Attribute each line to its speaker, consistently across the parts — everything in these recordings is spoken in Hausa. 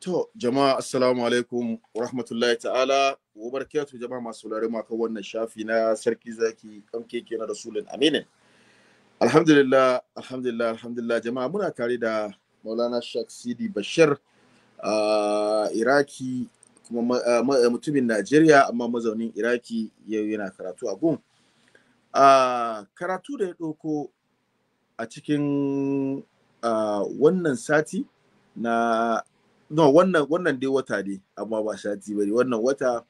Speaker 1: To, jama'a assalamu alaikum wa rahmatullahi ta'ala wa barakatu jama'a masu laure maka wannan shafi na sarki zaki kan keke na rasulun aminin. Alhamdulillah, alhamdulillah, alhamdulillah jama'a muna tare da Maulana Shak Sidi Bashir a Iraki kuma mutumin Najeriya amma mazaunin Iraki yau yana karatu a gun. A karatu da ya ɗauko a cikin wannan sati na no wannan wannan dai wata ne amma ba shati bane wannan wata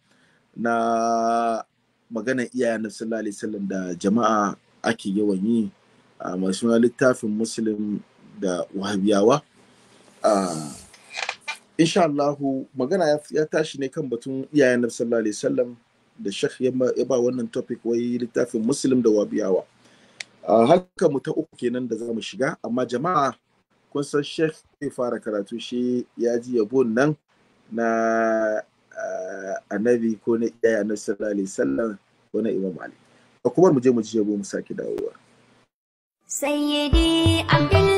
Speaker 1: na magana iyayen na sallallahu alaihi wasallam da jama'a ake yawan yi a masu littafin muslim da wahabiyawa insha Allah magana ya tashi ne kan batun iyayen na sallallahu alaihi wasallam da shekh ya ba wannan topic wai littafin muslim da wahabiyawa haka mu ta uku kenan da zamu shiga amma jama'a kun san chef zai fara karatu shi ya ji yabon nan na eh, annabi ko na iyaye na sallallahu alaihi ko na imam ali kuma mu je mu ji yabo mu sake dawowa
Speaker 2: sayyidi abdul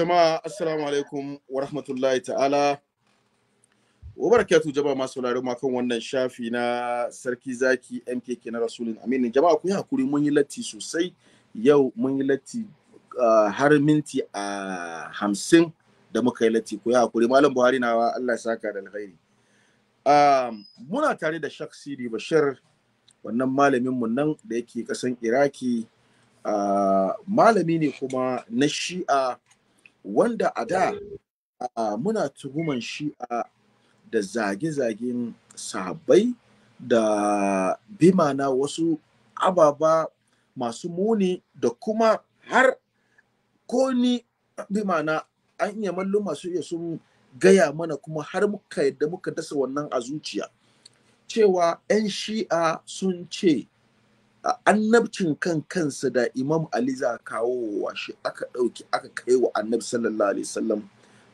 Speaker 1: jama'a assalamu alaikum wa rahmatullahi ta'ala wa barakatuh jama'a masu sauraro kan wannan shafi na sarki zaki mkk na rasulun Aminu. jama'a ku yi hakuri mun yi latti sosai yau mun yi latti ah, har minti a ah, hamsin da muka yi latti ku yi hakuri malam buhari wa allah ya saka da alkhairi ah, muna tare da shak siri bashir wannan malamin mu nan da yake kasan iraki malami ne kuma na shi'a wanda a da muna tuhuman shi'a da zage-zagen sabai da bimana wasu ababa masu muni da kuma har ko ni bimana an iya mallu masu iya sun gaya mana kuma har muka yadda muka dasa wannan a zuciya cewa 'yan shi'a sun ce annabcin kan kansa da imam ali za kawo wa shi aka ɗauki aka kai wa annabi sallallahu alaihi wasallam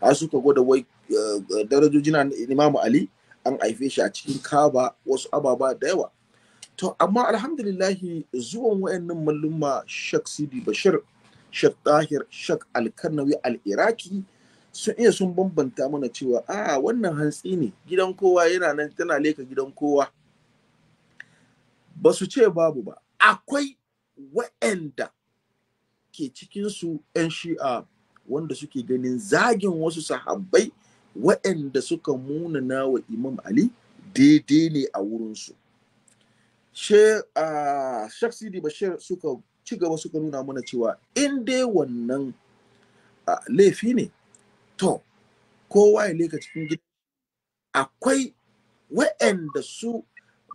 Speaker 1: har suka gwada wai eh, eh, darajoji na imam ali an haife shi a cikin kaba wasu ababa da yawa to amma alhamdulillahi zuwan wayannan malluma shak sidi bashir shak tahir shak Alkannawi al-iraki sun iya sun bambanta mana cewa a ah, wannan hantsi ne gidan kowa yana nan tana leka gidan kowa ba su ce babu ba akwai wa'anda ke cikinsu 'yan shi'a wanda suke ganin zagin wasu sahabbai wa'anda suka munana wa imam ali daidai ne a wurinsu shek sidi bashir suka ci gaba suka nuna mana cewa in dai wannan laifi ne to kowa ya leka cikin gida akwai wa'anda su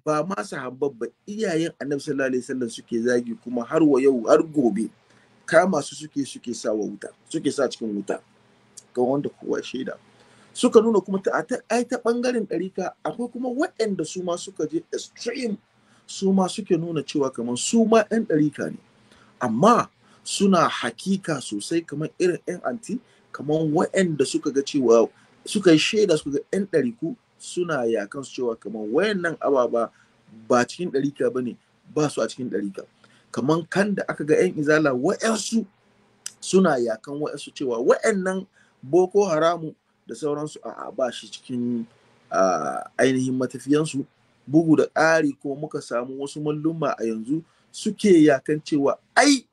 Speaker 1: ba ma sahabban ba iyayen annabi sallallahu alaihi wasallam suke zagi kuma har wa yau har gobe kama su suke suke sa wuta suke sa cikin wuta ga wanda kowa shaida suka nuna kuma ta ai ta bangaren ɗarika akwai kuma waɗanda su ma suka je extreme su ma suke nuna cewa kamar su ma ɗan ɗarika ne amma suna hakika sosai kamar irin 'yan anti kamar waɗanda suka ga cewa suka yi shaida suka ga 'yan ɗariku suna yakan su cewa kamar wayannan ababa ba cikin ɗarika bane ne ba su a cikin ɗarika kamar kan da aka ga 'yan izala wa'yansu suna yakan wa'yansu cewa wa'yannan boko haramu da sauransu a ba shi cikin ainihin matafiyansu bugu da ƙari ko muka samu wasu malluma a yanzu suke yakan cewa ai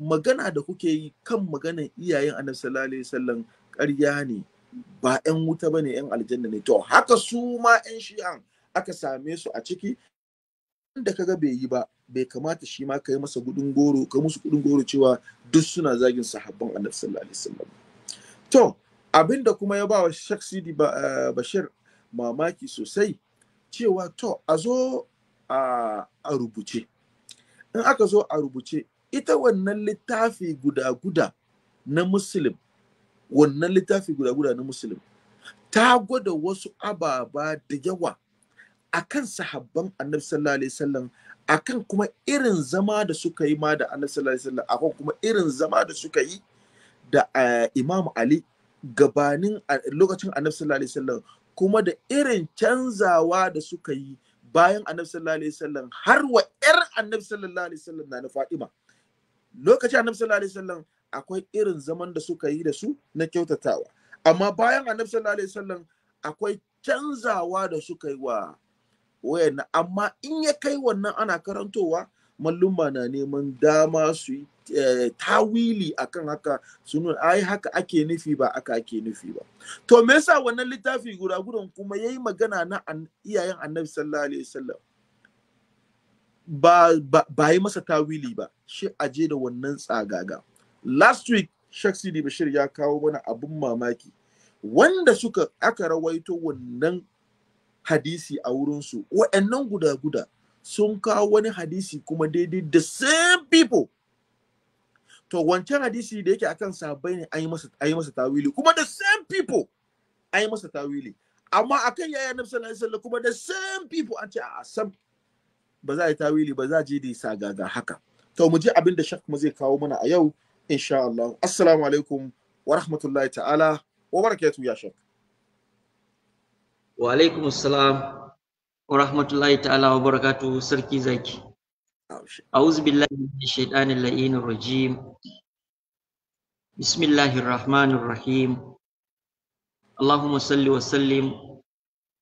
Speaker 1: magana da kuke yi kan maganan iyayen annabi sallallahu alaihi wasallam ƙarya ne ba 'yan wuta ba ne 'yan aljanna ne to haka su ma 'yan shi'an aka same su a ciki wanda kaga bai yi ba bai kamata shi ma ka yi masa gudun goro ka musu gudun goro cewa duk suna zagin sahabban annabi sallallahu alaihi wasallam to abinda kuma ya bawa wa Sheikh Sidi eh, Bashir mamaki sosai cewa to a zo a rubuce in aka zo a rubuce ita wannan littafi guda-guda na muslim wannan littafi guda guda na musulun ta gwada wasu ababa da yawa akan sahabban annabi sallallahu alaihi wasallam akan kuma irin zama da suka yi ma da annabi sallallahu alaihi wasallam akan kuma irin zama da suka yi da eh, imam ali gabanin lokacin annabi sallallahu alaihi wasallam kuma da irin canzawa da suka yi bayan annabi sallallahu alaihi wasallam har wa 'yar annabi sallallahu alaihi wasallam na na fatima lokacin annabi sallallahu alaihi wasallam akwai irin zaman da suka yi da su na kyautatawa amma bayan annabi sallallahu alaihi wasallam akwai canzawa da suka yi wa wayanna amma in ya kai wannan ana karantowa malluma na neman dama su eh, tawili akan haka su ai haka ake nufi ba aka ake nufi ba to me yasa wannan littafi guda gudan kuma yayi magana na iyayen annabi sallallahu alaihi wasallam ba ba yi masa tawili ba shi aje da wannan tsagaga last week shaksi Sidi Bashir ya kawo mana abun mamaki wanda suka aka rawaito wannan hadisi a wurinsu waɗannan guda-guda sun kawo wani hadisi kuma daidai the same people to wancan hadisi da yake akan sabai ne a yi masa tawili kuma the same people a yi masa tawili amma akan yaya na sallallahu alaihi wasallam kuma the same people an ce a sam ba za a yi tawili ba za a je da sagaga haka to mu je abin da shak mu zai kawo mana a yau insha Allah assalamu alaikum wa rahmatullahi ta'ala wa barakatuh ya shek
Speaker 2: wa alaikum assalam wa rahmatullahi ta'ala wa barakatuh sarki zaki أعوذ بالله من الشيطان اللئين الرجيم بسم الله الرحمن الرحيم اللهم صل وسلم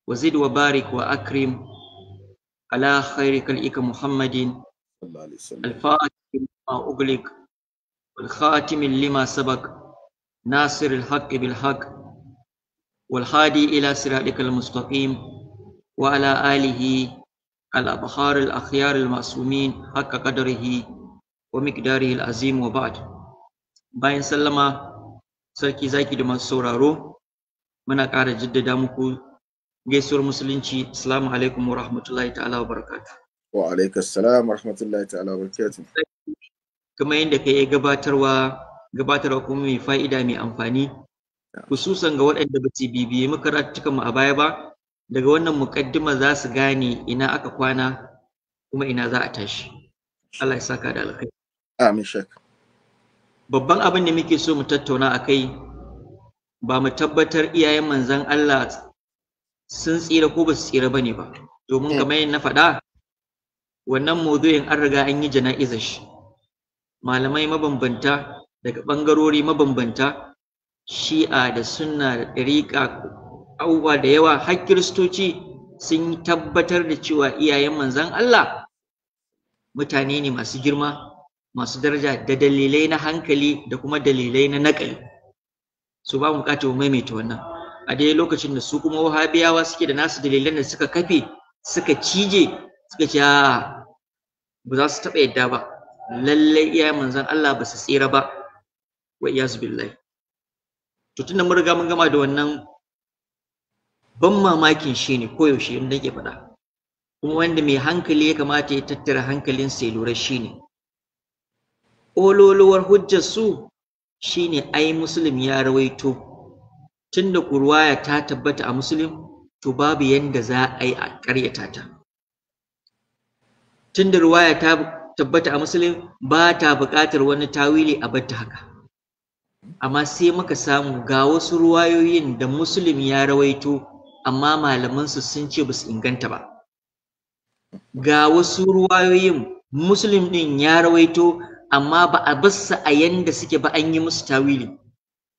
Speaker 2: وزد وبارك وأكرم على خير ika muhammadin, الفاتح ما أغلق والخاتم لما سبق ناصر الحق بالحق والهادي إلى صراطك المستقيم وعلى آله الأبحار الأخيار المعصومين حق قدره ومقداره العظيم وبعد bayan sallama sarki zaki da masu sauraro muna ƙara jaddada muku gaisuwar musulunci assalamu wa rahmatullahi ta'ala wa barakatuh
Speaker 1: wa wa
Speaker 2: kamar yadda ka yi gabatarwa gabatarwa kuma mai fa'ida mai amfani hususan ga waɗanda ba su bibiye makarantukan mu a baya ba daga wannan mukaddima za su gane ina aka kwana kuma ina za a tashi Allah ya saka da alkhairi amin shak babban abin da muke so mu tattauna a kai ba mu tabbatar iyayen manzan Allah sun tsira ko ba su tsira ba ne ba domin eh. kamar yadda na faɗa wannan maudu'in an riga an yi jana'izar shi malamai mabambanta daga ɓangarori mabambanta shi'a da sunna da ɗariƙa abubuwa da yawa har kiristoci sun tabbatar da cewa iyayen manzan Allah mutane ne masu girma masu daraja da dalilai na hankali da kuma dalilai na naƙali su ba mu buƙatar maimaita wannan a dai lokacin da su kuma wahabiyawa suke da nasu dalilan da suka kafe suka cije suka ce ba za su taɓa yadda ba lallai iyayen manzon Allah ba su tsira ba wa iyaz billahi to tunda mun riga mun gama da wannan ban mamakin shi ne koyaushe in yake faɗa kuma wanda mai hankali ya kamata ya tattara hankalin sai lura shi ne ololuwar hujjar su shi ne ai musulun ya rawaito tunda kurwaya ta tabbata a musulun to babu yanda za a yi a ƙaryata ta tunda ruwaya ta tabbata a musulun ba ta buƙatar wani tawili a ta haka amma sai muka samu ga wasu ruwayoyin da musulun ya rawaito amma malamansu sun ce ba su inganta ba ga wasu ruwayoyin musulun ɗin ya rawaito amma ba a bassa a yanda suke ba an yi musu tawili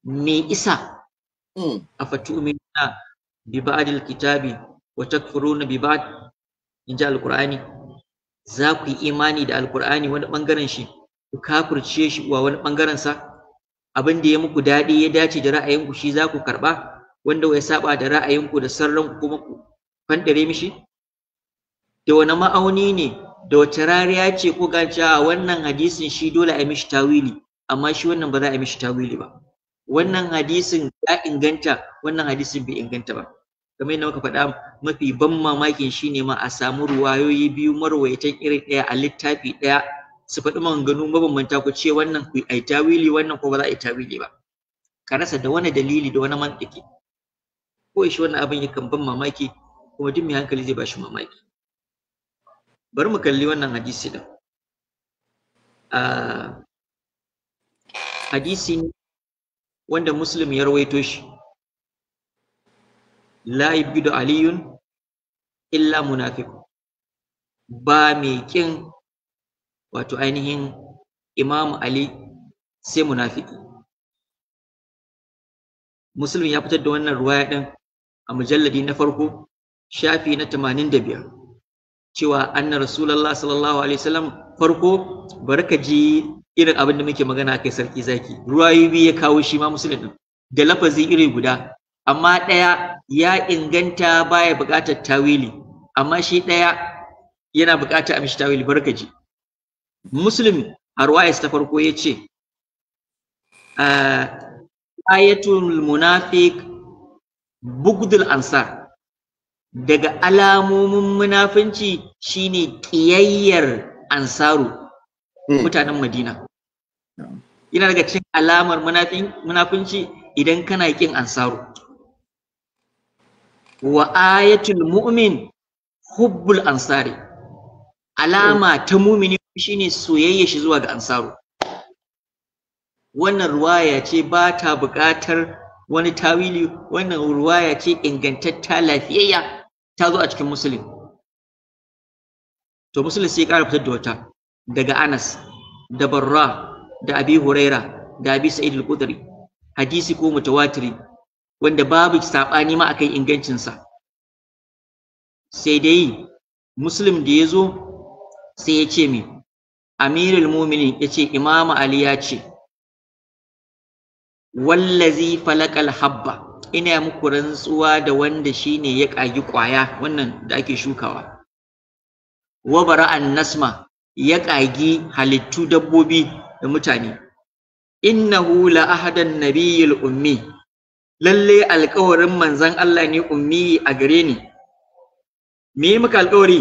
Speaker 2: me isa hmm. a fatu'minuna bi ba'dil kitabi wa takfuruna bi ba'd in ji alqur'ani za ku yi imani da alkur'ani wani bangaren shi ku kafurce shi wa wani bangaren sa abin da ya muku daɗi ya dace da ra'ayinku shi za ku karɓa wanda ya saba da ra'ayinku da sarran kuma ku fandare mishi da wani ma'auni ne da wata rariya ce ko ganci a wannan hadisin shi dole a mishi tawili amma shi wannan ba za a mishi tawili ba wannan hadisin ya inganta wannan hadisin bai inganta ba kamar yadda muka faɗa mafi ban mamakin shine ma a samu ruwayoyi biyu marwayatan irin ɗaya a littafi ɗaya su faɗi man maganganu mabambanta ku ce wannan ku ai tawili wannan ko ba za a yi tawili ba ka rasa da wani dalili da wani mantiki ko shi wannan abin yakan ban mamaki kuma duk mai hankali zai bashi mamaki bari mu kalli wannan hadisi din hadisi wanda muslim ya rawaito shi la yubdu aliyun illa munafiku ba mai kin wato ainihin imamu ali sai munafiki muslim ya fitar da wannan ruwaya din a mujalladi na farko shafi na 85 cewa anna rasulullah sallallahu alaihi wasallam farko barka ji irin abin da muke magana kai sarki zaki ruwayi biyu ya kawo shi ma muslim da lafazi iri guda amma ɗaya ya inganta baya buƙatar tawili amma shi ɗaya yana buƙatar a mishi tawili barkaji muslim arwayas ta farko ya ce ah, ayatul munafiq bugdul ansar daga alamomin munafunci shine ƙiyayyar ansaru hmm. mutanen madina yana daga cin alamar munafunci idan kana ƙin ansaru wa ayatul mu'min hubbul ansari alama ta mumini shine soyayya shi zuwa ga ansaro. wannan ruwaya ce ba ta buƙatar wani tawili wannan ruwaya ce ingantatta lafiyayya ta zo a cikin musulun to musulun sai ya ƙara fitar da wata daga anas da barra da abi huraira da abi sa'id al-qudri hadisi ko mutawatiri wanda babu saɓani ma akan ingancinsa sai dai muslim da ya zo sai ya ce mi amirul muminin ya ce imamu ali ya ce wallazi falakal habba ina muku rantsuwa da wanda shine ya ƙagi ƙwaya wannan da ake shukawa wa bara'an nasma ya ƙagi halittu dabbobi da mutane innahu la ahadan nabiyil ummi lalle alkawarin manzan Allah ne ummi a gare ni me muka alkawari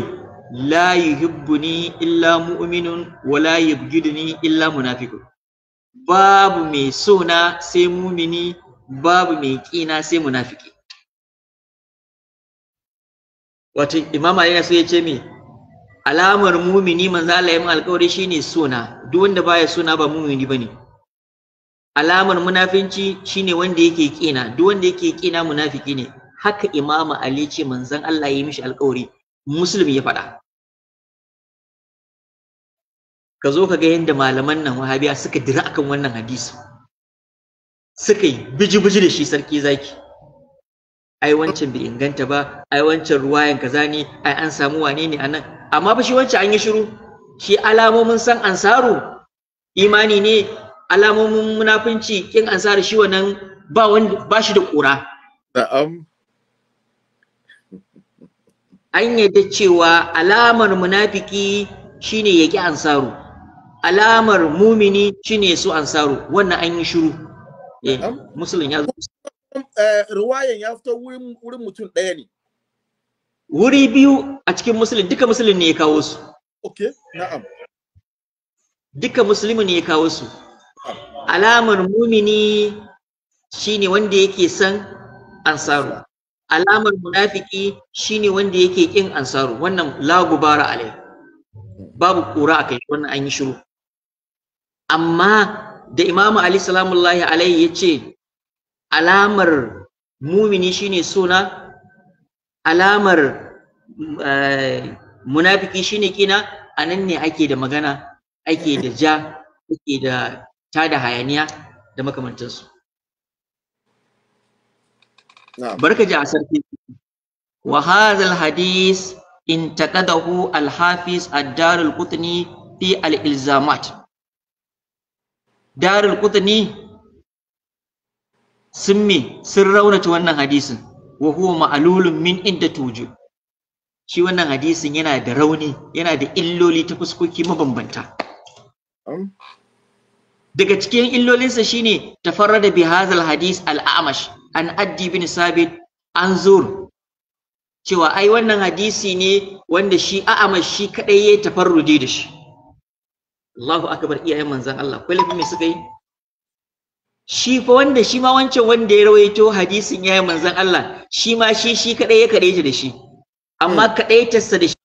Speaker 2: la yuhibbuni illa mu'minun wa la yubghiduni illa munafiqun babu mai sona sai mumini babu mai kina sai munafiki wato imama yana so ya ce me alamar mumini manzan Allah ya alƙawari shine sona duk wanda baya sona ba mumini bane alamar munafinci shine wanda yake kina duk wanda yake kina munafiki ne haka Imama ali ce manzon Allah ya yi mishi alƙawari muslim ya faɗa ka zo ka ga yadda malaman nan wahabiya suka dira akan wannan hadisi suka yi biji-biji da shi sarki zaki ai wancan bai inganta ba ai wancan ruwayan kaza ne ai an samu wane ne anan amma ba shi wancan an yi shiru shi alamomin san ansaru imani ne alamomin munafunci kin ansari shi wannan ba wanda ba shi da kura na'am an yadda cewa alamar munafiki shine ya ki ansaru alamar mumini shine su ansaru wannan an yi shiru eh musulun ya zo
Speaker 1: eh, ya fito wurin mutum ɗaya ne
Speaker 2: wuri biyu a cikin musulun duka musulun ne ya kawo su
Speaker 1: okay na'am
Speaker 2: duka musulmi ne ya kawo su alamar mumini shine wanda yake son ansaru alamar munafiki shine wanda yake kin ansaru wannan la gubara alai babu kura kai wannan an yi shiru amma da imamu ali salamullahi alayhi ya ce alamar mumini shine suna alamar uh, munafiki shine kina a nan ne ake da magana ake da ja ake da da hayaniya da makamantansu barka ji a sarki wa hadha hadis taqadahu al-hafiz ad-dar al-qutni fi al-ilzamat darul qutni fi al ilzamat Darul qutni sun sun raunata wannan hadisin wa huwa ma'lulun min inda tuju shi wannan hadisin yana da rauni yana da illoli ta fuskoki mabambanta daga cikin illolinsa shine tafarrada da bihazal hadis al'amash an addi bin sabit an zur cewa ai wannan hadisi ne wanda shi a'amash shi kadai ya tafarrudi da shi Allahu akbar iyayen manzon Allah kai lafi me suka yi shi fa wanda shi ma wancan wanda ya rawaito hadisin yayin manzon Allah shi ma shi shi kadai ya kadai da shi amma kadai tassa da shi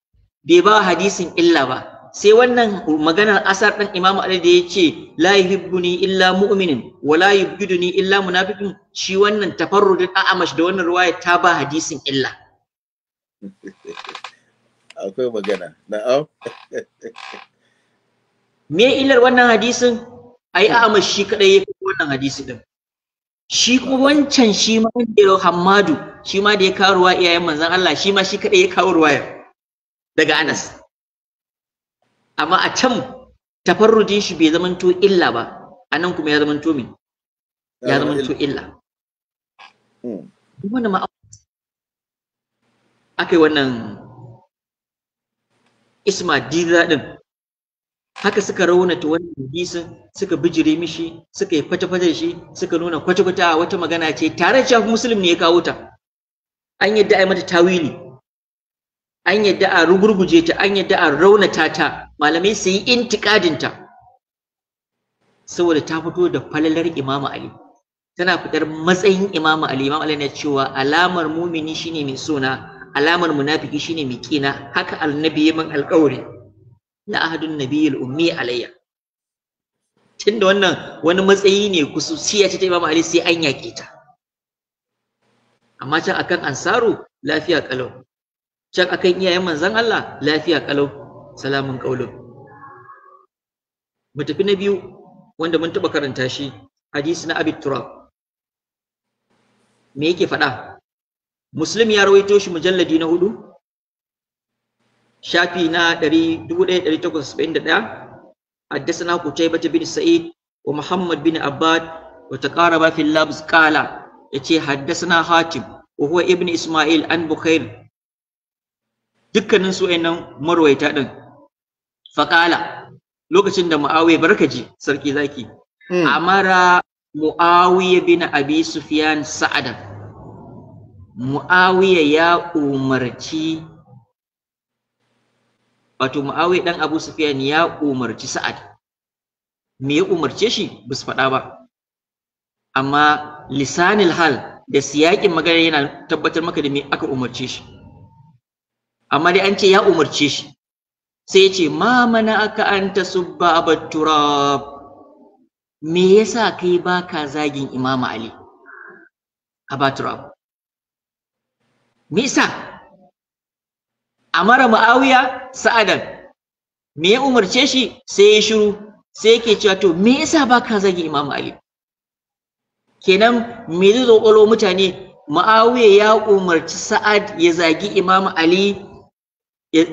Speaker 2: bai ba hadisin illa ba sai wannan maganar asar ɗan imamu ali da ya ce la yuhibbuni illa mu'minin wa la yubghiduni illa munafiqun shi wannan tafarrudin a'amash da wannan ruwaya ta ba hadisin illa
Speaker 1: akwai magana na'am me illar wannan
Speaker 2: hadisin ai a'amash hmm. shi kadai ya kawo wannan hadisi din shi kuma wancan shi ma da Hammadu shi ma da ya kawo ruwa iyayen manzon Allah shi ma shi kadai ya kawo ruwaya daga Anas amma a can tafarrujin shi bai to illa ba a nan kuma ya to me ya to illa hmm. wannan ma akai wannan isma diza din haka suka raunata wannan hadisin suka bijire mishi suka yi fata-fata shi suka nuna kwata-kwata a wata magana ce tare da shafi muslim ne ya kawo ta an yadda a mata tawili an yadda a rugurguje ta an yadda a raunata ta malamai su yi intikadinta saboda ta fito da falalar imamu ali tana fitar matsayin imamu ali imamu ali na cewa alamar mumini shine mai sona alamar munafiki shine mai kina haka annabi ya min alƙawari na ahadun nabiyil ummi alayya tunda wannan wani matsayi ne ya ce ta imamu ali sai an yaƙe ta amma can akan ansaru lafiya kalau can akan iyayen manzon Allah lafiya kalau salamun kaulun matafi na biyu wanda mun taba karanta shi hadisi na abid turab me yake faɗa muslim ya rawaito shi mujalladi na hudu shafi na 1871 haddasa kutai bata bin sa'id wa muhammad bin abbad wa taqaraba fil labs qala yace haddasa hatim wa huwa ibnu isma'il an bukhair dukkanin su ainihin marwaita din faƙala lokacin da mu'awiya barkaji sarki zaki hmm. amara mu'awiya bin abi sufyan sa'adan mu'awiya ya umarci wato mu'awiya dan abu sufyan ya umarci sa'ad me ya umarce shi ba su faɗa ba amma lisanil hal da siyakin magana yana tabbatar maka da me aka umarce shi amma dai an ce ya umarce shi sai ce ma mana aka an ta subba abatturab me yasa kai baka zagin imama ali abatturab me yasa amara ma'awiya sa'adan me ya umarce shi sai ya shiru sai yake cewa to me yasa baka zagin imama ali kenan me zai zo mutane ma'awiya ya umarci sa'ad ya zagi imama ali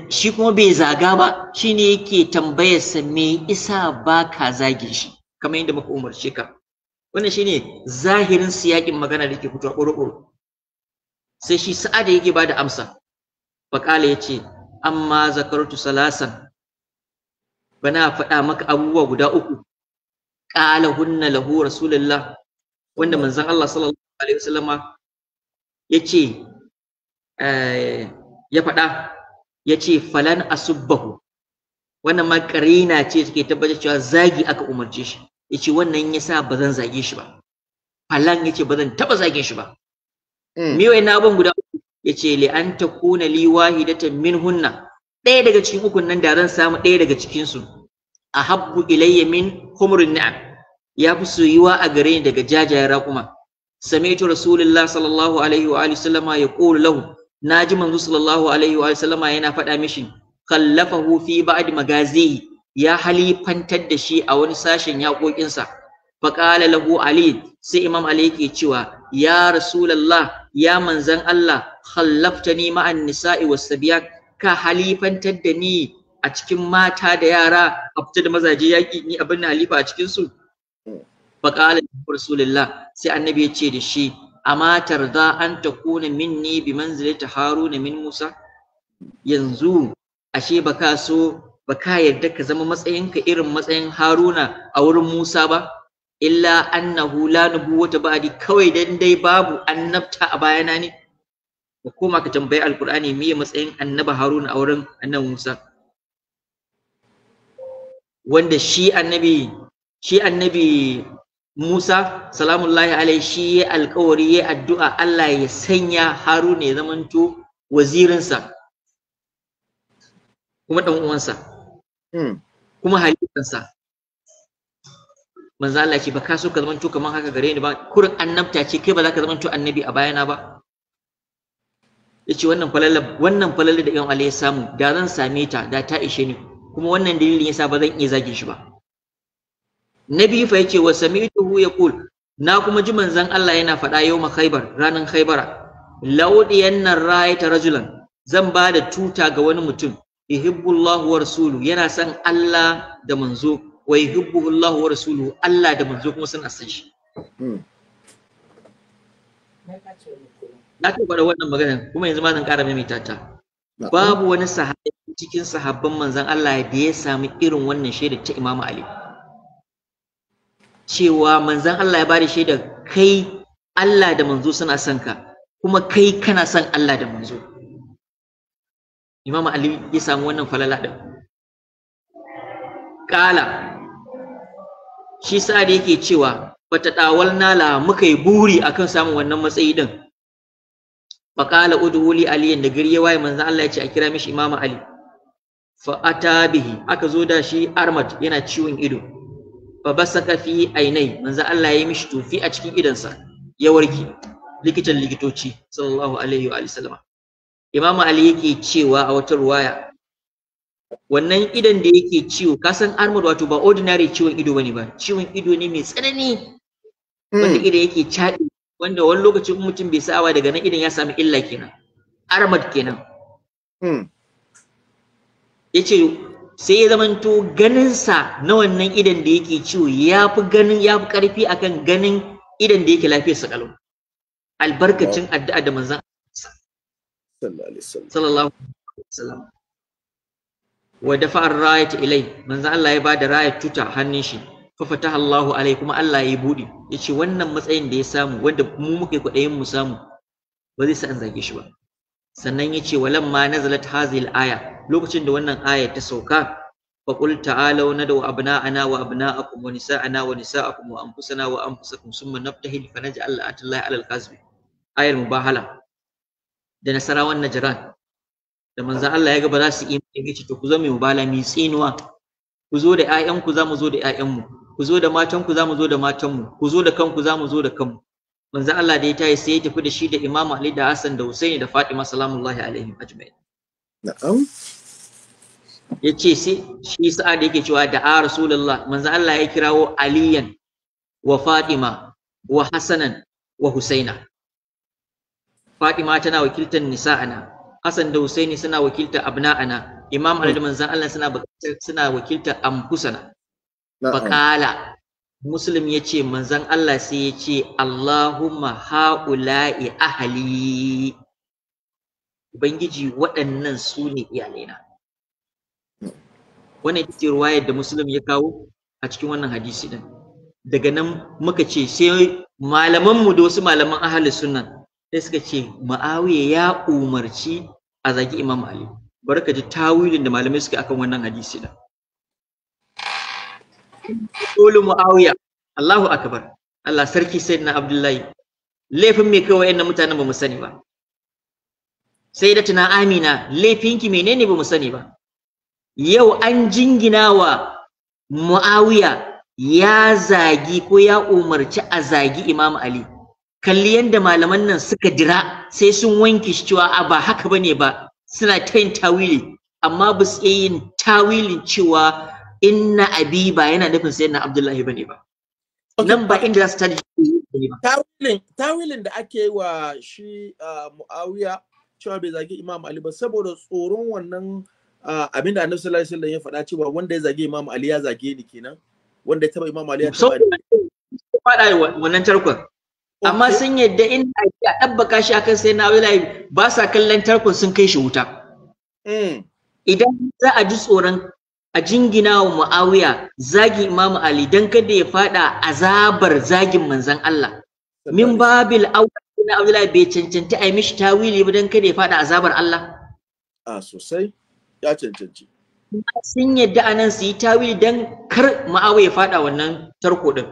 Speaker 2: shi kuma bai zaga ba shi ne yake tambayar sa me isa ba ka shi kamar yadda muka umarce ka wannan shine zahirin siyakin magana da ke fitowa ƙoro-ƙoro sai shi sa'ada yake bada amsa faƙala ya ce amma zakartu salasan bana faɗa maka abubuwa guda uku ƙala hunna lahu rasulullah wanda manzon Allah sallallahu alaihi wasallama ya eh, ya faɗa Ya ce falan asubbahu wannan ma karina ce suke tabbatar cewa zagi aka umarce shi Ya ce wannan yasa ba zan zage shi ba falan ce ba zan taba zage shi ba mm. me wai na ban guda Ya ce li an ta kuna li wahidatan hunna? ɗaya daga cikin ukun nan da zan samu ɗaya daga cikin su habbu ilayya min humrun na'am ya fi soyuwa a gare ni daga jajayen raƙuma sami'tu rasulullah sallallahu alaihi wa alihi sallama yaqulu lahu naji manzo sallallahu alaihi wa sallama yana faɗa mishi kallafahu fi ba'd magazihi ya halifantar da shi a wani sashen yaƙoƙinsa faqala lahu ali sai imam ali yake cewa ya rasulullah ya manzan Allah khallaftani ma'an nisa'i was ka halifantar da ni a cikin mata da yara a fita da mazaje yaƙi ni abin halifa a cikinsu faƙalar rasulullah sai annabi ya ce da shi A matar za an takuna min bi manzilati haruna min musa yanzu ashe baka so baka yarda ka zama matsayinka irin matsayin haruna a wurin musa ba illa annahu la wata ba'di kawai dan dai babu annabta a bayana ne ka koma ka tambayi alkur'ani miye matsayin annaba haruna a wurin annabi musa annabi Musa salamullahi alaihi shi ya alkawari ya addu'a Allah ya sanya Haruna ya zamanto wazirinsa kuma ɗan’uwansa, uwansa hmm. kuma halittarsa manzo Allah ce ba ka so ka zamanto kamar haka gare ni ba kurin annabta ce kai ba za ka zamanto annabi a bayana ba Ya wannan wannan falalla da yan Ali ya samu da zan same ta da ta ishe ni kuma wannan dalilin ya sa ba zan iya zage shi ba na biyu fa yace wa sami'tuhu yaqul na kuma ji manzon Allah yana faɗa yau khaybar ranan khaybara laudiyanna ra'ayta rajulan zan ba da tuta ga wani mutum yuhibbullahu wa rasulu yana son Allah da manzo wa yuhibbullahu wa rasulu Allah da manzo kuma suna son shi hmm. na ta faɗa wannan magana kuma yanzu ma zan ƙara maimaita ta babu wani sahabi cikin sahabban manzon Allah da ya samu irin wannan shaida ta Imam Ali cewa manzan Allah ya bada shaida kai Allah da manzo suna son ka kuma kai kana son Allah da manzo Imam Ali ya samu wannan falala din kala shi sa da yake cewa bata dawal nala muka yi buri akan samun wannan matsayi din faqala udhuli Ali, da gari ya waye manzan Allah ya ce a kira mishi Imam Ali fa ata bihi aka zo da shi armat yana ciwon ido fa basaka fi ainai manzo Allah ya mishi tofi a cikin idansa ya warke likitan likitoci sallallahu alaihi wa sallama Imam Ali yake cewa a wata ruwaya wannan idan da yake ciwo kasan armor wato ba ordinary ciwon ido bane ba ciwon ido ne mai tsanani hmm. wanda idan yake caɗi wanda wani lokacin mutum bai sa'awa daga nan idan ya samu illa kenan armor kenan hmm. ya ce sai ya zamanto ganinsa na wannan idan da yake ciwo ya fi ganin ya fi ƙarfi akan ganin idan da yake sa kalau albarkacin addu'a da manzan sallallahu alaihi wasallam wa dafa ar-rayat ilai manzan Allah ya bada rayat tuta hannun shi fa fataha Allahu alai kuma Allah ya bude yace wannan matsayin da ya samu wanda mu muke kudayin mu samu ba zai sa an zage shi ba sannan yace walamma nazalat hazil aya lokacin da wannan aya ta sauka fa qul wa nadu abna'ana wa abna'akum wa nisa'ana wa nisa'akum wa anfusana wa anfusakum summa nabtahil fa naj'al la'atallahi 'alal kasbi ayar mubahala da nasarawan najran da manzon Allah ya ga ba za su yi imani ce to ku zo mai mubala mai tsinuwa ku zo da ƴaƴanku za mu zo da ƴaƴanmu ku zo da matanku za mu zo da matanmu ku zo da kanku za mu zo da kanmu manzon Allah da ya tayi sai ya tafi da shi da Imam Ali da Hassan da Husaini da Fatima sallallahu alaihi ajma'in na'am ya ce shi sa'ad yake cewa da a rasulullah manzo Allah ya kirawo aliyan wa fatima wa hasanan wa husaina fatima tana wakiltar nisa'ana hasan da husaini suna wakiltar abna'ana imam ali manzo Allah suna suna wakiltar amkusana Bakala muslim ya ce manzon Allah sai ya ce Allahumma ha'ula'i ahli Ubangiji waɗannan su ne na. wannan ita ce ruwayar da musulun ya kawo a cikin wannan hadisi din daga nan muka ce sai mu da wasu malaman ahalin sunna sai suka ce ma'awiya ya umarci a zagi imam ali bari ka ji tawilin da malamai suka akan wannan hadisi din Dole Muawiya, Allahu Akbar, Allah sarki Sayyidina Abdullahi, laifin mai kai wayannan mutanen ba mu sani ba. Sai Amina, laifinki menene ba mu sani ba. yau an jingina wa Muawiya ya zagi ko ya umarci a zagi Imam Ali kalli yadda malaman nan suka dira sai sun wanke shi cewa a ba haka bane ba suna ta yin tawili amma ba su iya yin tawilin cewa inna abi ba yana nufin sai na Abdullahi bane ba nan ba inda za su tashi
Speaker 1: tawilin tawilin da ake wa shi ah, Muawiya cewa bai zagi Imam Ali ba saboda tsoron wannan abin da annabi sallallahu alaihi wasallam ya faɗa cewa wanda ya zage imam ali ya zage ni kenan wanda ya taba imam ali ya taba ni faɗa wannan tarkon amma sun yadda in a
Speaker 2: ɗabbaka shi akan sai na wila ba sa kallon tarkon sun kai shi wuta hmm. idan za a ji tsoron a jingina wa mu'awiya zagi imamu ali dan kada ya faɗa azabar zagin manzon Allah min babil awwal na Abdullahi bai cancanta a mishi tawili ba dan kada ya faɗa azabar Allah
Speaker 1: a sosai ya cancanci
Speaker 2: sun yadda anan su yi tawili dan kar ma'awa ya fada wannan tarko din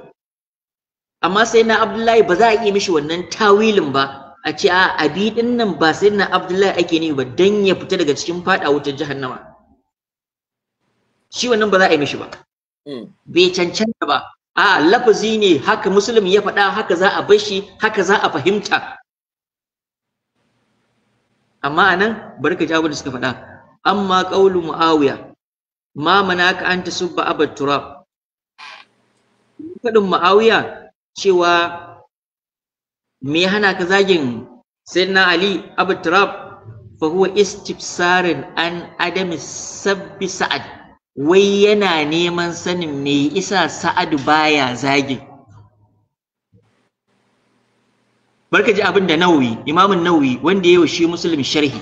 Speaker 2: amma sai na abdullahi ba za a iya mishi wannan tawilin ba a ce a abi din nan ba sai na abdullahi ake ne ba dan ya fita daga cikin fada wutar jahannama shi wannan ba za a yi mishi ba mm. bai cancanta ba a lafazi ne haka musulmi ya faɗa haka za a bar haka za a fahimta amma anan barka jawo da suka faɗa amma qawlu muawiya ma manaka an tasubba abad turab fadin muawiya cewa me hana ka zagin sayyidina ali abad turab fa huwa istifsarin an adami sabbi sa'ad wai yana neman sanin me isa sa'ad baya zagi. barka ji abin da nawawi imamun nawawi wanda ya shi muslim sharhi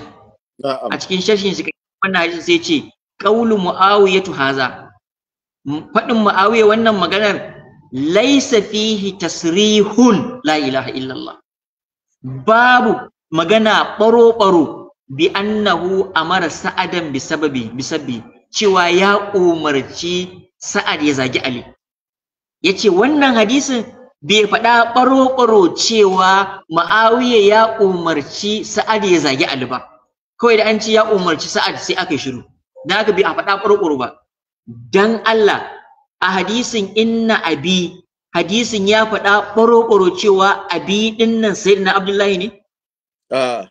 Speaker 2: a cikin sharhin shi wannan hadisi sai ce qaulu muawiyatu haza faɗin muawiya wannan maganar laisa fihi tasrihun la ilaha illallah babu magana ɓaro-ɓaro bi annahu amara sa'adan bi sababi bi sabbi cewa ya umarci sa'ad ya zagi ali yace wannan hadisin bai faɗa ɓaro-ɓaro cewa ma'awiya ya umarci sa'ad ya zagi ali ba kawai da an ci ya umarci sa'ad sai aka yi shiru dan haka bi a faɗa ƙurƙuru ba dan Allah a hadisin inna abi hadisin ya faɗa ƙoro cewa abi din nan sayyidina abdullahi
Speaker 1: ne? Ah,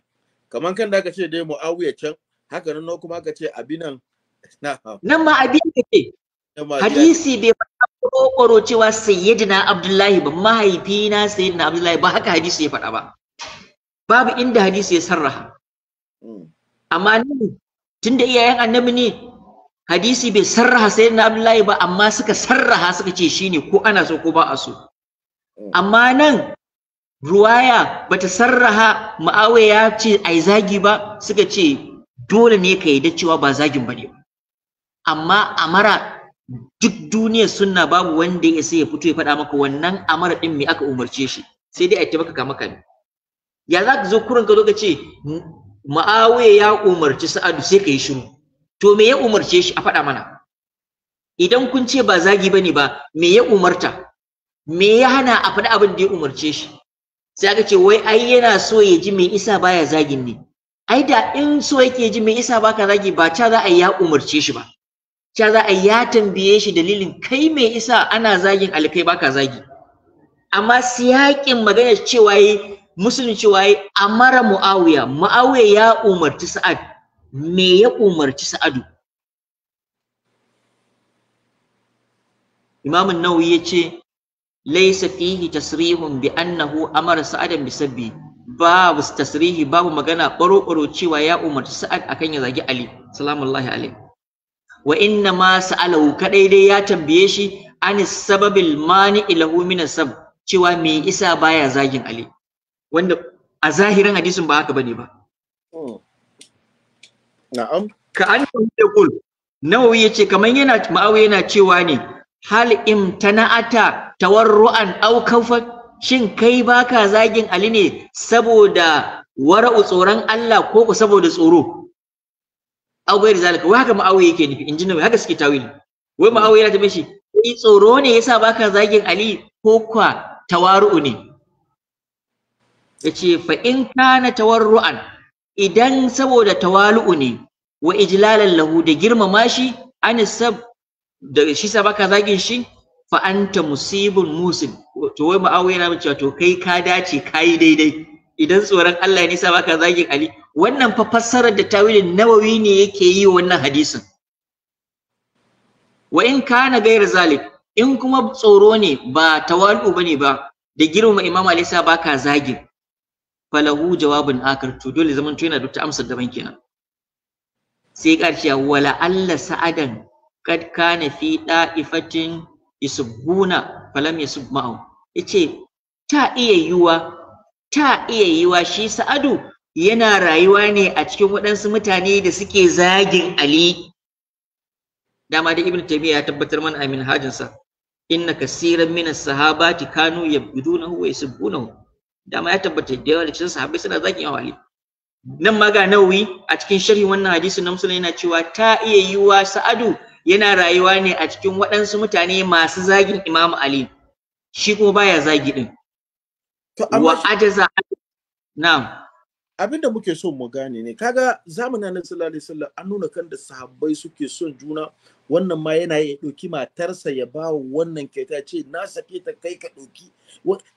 Speaker 1: kamar kan da aka ce dai mu'awiya can haka nan kuma aka ce abi nan nan ma abi ne ce hadisi bai faɗa ƙoro
Speaker 2: cewa sayyidina abdullahi ba mahaifina sayyidina abdullahi ba haka hadisi ya faɗa ba babu inda hadisi ya sarraha mm. amma ni tunda iyayen annabi ne hadisi bai sarraha sai na abdullahi ba amma suka sarraha suka ce shine ko ana so ko ba a so amma nan ruwaya bata sarraha ma'awe ya ce ai zagi ba suka ce dole ne ka yadda cewa ba zagin ba ne amma amara duk duniyar sunna babu wanda ya sai ya fito ya faɗa maka wannan amara din me aka umarce shi sai dai a ka maka kama ya za ka zo kurin ka zo ka ce ma'awiya ya umarci sa'adu sai ka yi shiru to me ya umarce shi a faɗa mana idan kun ce ba zagi bane ba me ya umarta me ya hana a faɗi abin da ya umarce shi sai aka ce wai ai yana so ya ji me isa baya zagin ne ai da in so yake ji me isa baka zagi ba ca za a ya umarce shi ba ca za a ya tambaye shi dalilin kai me isa ana zagin alkai baka zagi amma siyakin magana cewa yi muslim cewa amara muawiya muawiya ya umarci sa'ad me ya umarci sa'adu imam an-nawawi yace laysa fihi tasrihun bi annahu amara sa'adan bi sabbi babu tasrihi babu magana baro-baro cewa ya umarci sa'ad akan ya zagi ali salamullahi alaihi wa inna ma sa'alahu kadai dai ya tambaye shi Ani sababil mani ilahu min sab cewa me isa baya zagin ali wanda a zahirin hadisin ba haka bane ba hmm. na'am ka an da kul nawawi yace kaman yana ma'awi yana cewa ne hal imtana'ata tawarru'an aw kawfat shin kai baka zagin ali ne saboda wara'u tsoron Allah ko ku saboda tsoro aw gairi zalika wai haka ma'awi yake nufi injin nawawi haka suke tawili wai ma'awi yana ta mishi tsoro ne yasa baka zagin ali ko kwa tawaru'u ne yace fa in kana tawarru'an idan saboda tawalu'u ne wa ijlalan lahu da girmama shi an sab da shi sa baka zagin shi fa anta musibun musib to wai ma'awiya na mace to kai ka dace kai daidai idan tsoron Allah ne sa baka zagin Ali wannan fa fassarar da tawilin nawawi ne yake yi wannan hadisin wa in kana gairu zalik in kuma tsoro ne ba tawalu bane ba da girma imam Ali sa baka zagin falahu jawabin akar to dole zaman to yana da ta amsar daban kenan sai karshe wala alla sa'adan kad kana fi da'ifatin isbuna falam yasbahu yace ta iya yiwa ta iya yiwa shi sa'adu yana rayuwa ne a cikin waɗansu mutane da suke zagin ali dama da ibn taymiya ya tabbatar mana amin hajinsa inna kasiran min as-sahabati kanu yabdunahu wa yasbunahu dama ya tabbata da yawa da cikin sahabbai suna zaki yawa ali nan ma ga a cikin sharhi wannan hadisi na musulun yana cewa ta iya yiwa sa'adu yana rayuwa ne a cikin waɗansu mutane masu zagin imam ali shi kuma baya zagi din
Speaker 1: wa ajaza na'am abin da muke so mu gane ne kaga zamanin nan sallallahu alaihi wasallam an nuna kan da sahabbai suke son juna wannan ma yana ya ɗauki matarsa ya ba wa wannan kyauta ce
Speaker 3: na sake ta kai ka ɗauki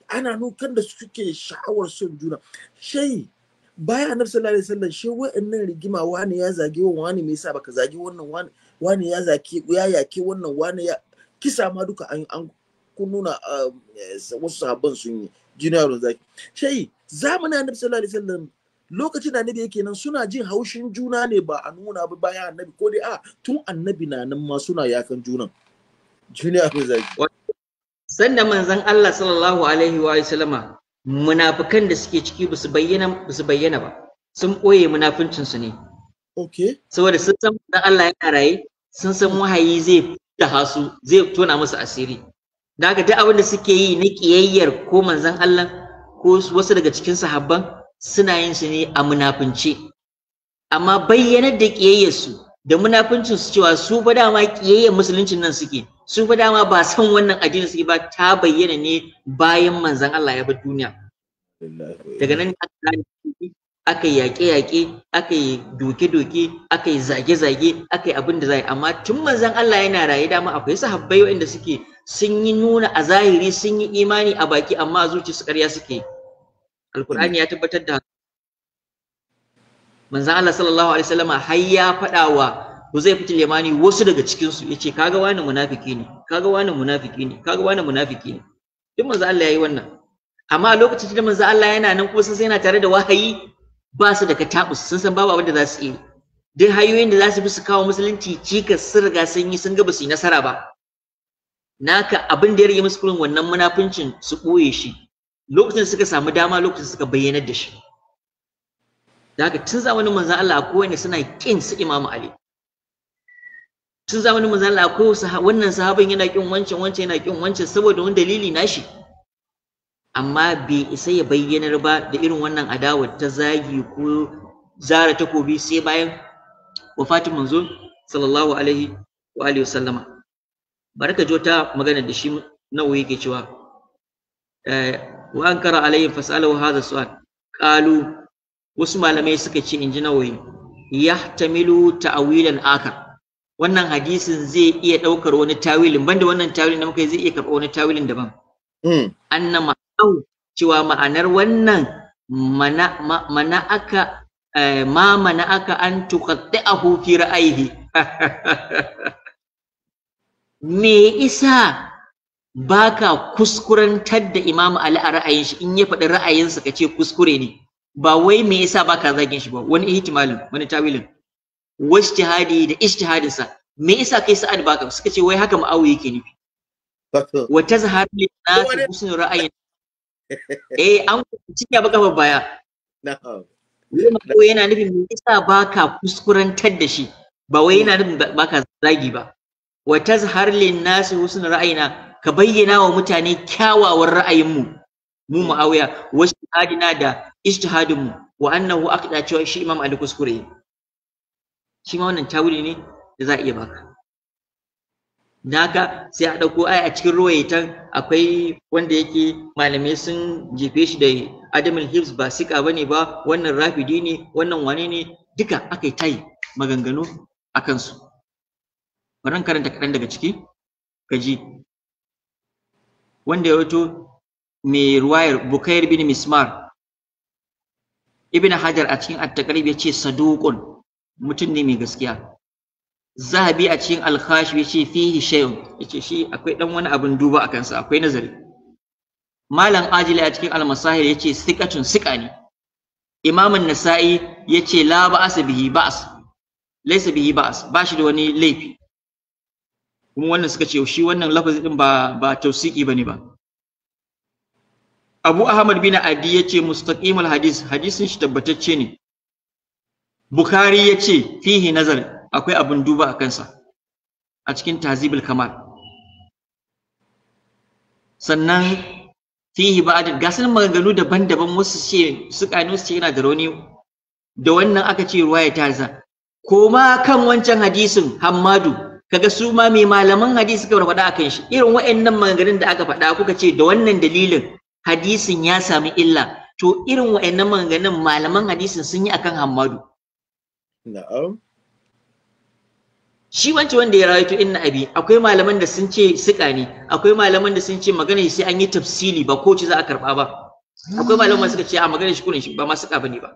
Speaker 1: ana nukan da suke sha'awar son juna shai baya annabi sallallahu alaihi wasallam shi wa'annan rigima wani ya zage wa wani me yasa baka zage wannan wani wani ya zake ya yake wannan wani ya kisa ma duka an an kun nuna um, eh, wasu sahabban sun yi jinarun zaki shai zamanin annabi sallallahu alaihi wasallam lokacin da annabi yake nan suna jin haushin juna ne ba a nuna ba bayan annabi ko dai a tun annabi na nan ma suna yakan junan juniya abin zaki
Speaker 2: sanda manzon Allah sallallahu alaihi wa sallama munafikan da suke ciki ba su bayyana ba su bayyana ba sun koye munafincin su ne okay saboda sun san da Allah yana raye sun san wahayi zai da hasu zai tona musu asiri da haka duk abin da suke yi na kiyayyar ko manzon Allah ko wasu daga cikin sahabban suna yin su ne a munafunci, amma bayyanar da ƙiyayyarsu da munafuncin su cewa su fa dama ƙiyayyar musuluncin nan suke su fa dama ba san wannan addini suke ba ta bayyana ne bayan manzon Allah ya bar duniya daga nan aka yaƙe-yaƙe aka yi doke-doke aka yi zage-zage aka yi abin da zai amma tun manzan Allah yana raye dama akwai sahabbai waɗanda suke sun yi nuna a zahiri sun yi imani a baki amma a zuci su ƙarya suke alkur'ani hmm. ya tabbatar da manzan Allah sallallahu alaihi wasallama har ya faɗa wa Huzaifatul Yamani wasu daga cikin su yace kaga wani munafiki ne kaga wani munafiki ne kaga wani munafiki ne duk manzan Allah yayi wannan amma lokacin da manzan Allah yana nan kuma sai yana tare da wahayi ba su da katabus sun san babu abin da za su yi duk hayoyin da za su bi su kawo musulunci cikas sun riga sun yi sun ga ba su yi nasara ba naka abin da ya rage musu kurin wannan munafincin su ɓoye shi lokacin suka samu dama lokacin suka bayyanar da shi da haka tun zamanin manzan Allah akwai wanda suna kin su Imam Ali tun zamanin manzan Allah akwai wannan sahabin yana kin wancan wancan yana kin wancan saboda wani dalili nashi amma bai isa ya bayyanar ba da irin wannan adawar ta zagi ko zara takobi sai bayan wafatin manzo sallallahu alaihi wa alihi wasallama baraka jota magana da shi nawo yake cewa eh, wa ankara alayhi fasalahu hadha su'al qalu wasu malamai suka ce inji nawayi yahtamilu ta'wilan akar wannan hadisin zai iya daukar wani tawilin banda wannan tawilin da muka zai iya karɓa wani tawilin daban hmm. anna ma'au cewa ma'anar wannan mana mana aka ma mana aka eh, an tuqatta'ahu fi ra'ayihi me isa baka kuskurantar da Imam Ali a ra'ayin shi in ya faɗi ra'ayinsa ka ce kuskure ne ba wai me yasa baka zagin shi ba wani ihtimalin wani tawilin wajtihadi da ijtihadin sa me yasa kai sa'ad baka suka ce wai haka ma'awi yake nufi wa tazharu lin nasi husnul ra'ayin eh an cinya baka baya na'am yana nufin me yasa baka kuskurantar da shi ba wai yana nufin baka zagi ba wa tazhar lin nasi husnul ra'ayina ka bayyana wa mutane kyawawan ra'ayinmu mu mu'awiya wasu shahadina da ijtihadinmu wa annahu aqda cewa shi imam ali kuskure shi ma wannan tawuri ne da za a iya baka naka sai a ɗauko ai a cikin ruwaitan akwai wanda yake malamai sun jefe shi da adamul hibs ba sika bane ba wannan rafidi ne wannan wane ne duka akai yi tayi maganganu a kansu bari karanta kaɗan daga ciki ka wanda ya wato mai ruwayar bukair bin mismar ibn hajar a cikin at ya ce saduqun mutum ne mai gaskiya zahabi a cikin ya ce fi fihi shay'un ce shi akwai dan wani abin duba a kansa akwai nazari malam ajili a cikin almasahir ya ce sikacin sika ne Imamin nasa'i ya ce la ba'as bihi ba'as laisa bihi ba'as ba shi da wani laifi kuma wannan suka ce shi wannan lafazi din ba ba tausiki bane ba Abu Ahmad bin Adi yace mustaqimul hadis hadisin shi tabbatacce ne Bukhari yace fihi nazar akwai abin duba a kansa a cikin Tazibul Kamal sannan fihi ba ga sun maganganu daban-daban wasu ce su kanu su ce yana da rauni da wannan aka ce ruwaya ta ko ma kan wancan hadisin Hammadu kaga su ma mai malaman hadisi suka faɗa akan shi irin wa'annan maganganun da aka faɗa kuka ce da wannan dalilin hadisin ya sami illa to irin wa'annan maganganun malaman hadisin sun yi akan Hammadu na'am shi wance wanda ya rawaito inna abi akwai malaman da sun ce suka ne akwai malaman da sun ce magana sai an yi tafsili ba ko ci za a karba ba akwai malaman suka ce a magana shi kurin shi ba ma suka bane ba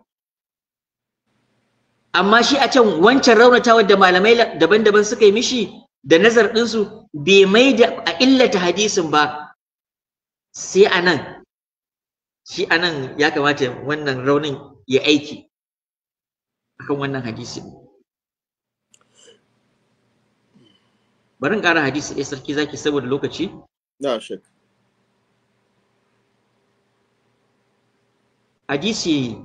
Speaker 2: amma shi a can wancan raunatawa da malamai daban-daban suka yi mishi da nazar ɗinsu bai mai da a illata hadisin ba sai a nan shi a nan ya kamata wannan raunin ya aiki akan wannan hadisi barin ƙara hadisi ɗaya sarki zaki saboda lokaci na shi hadisi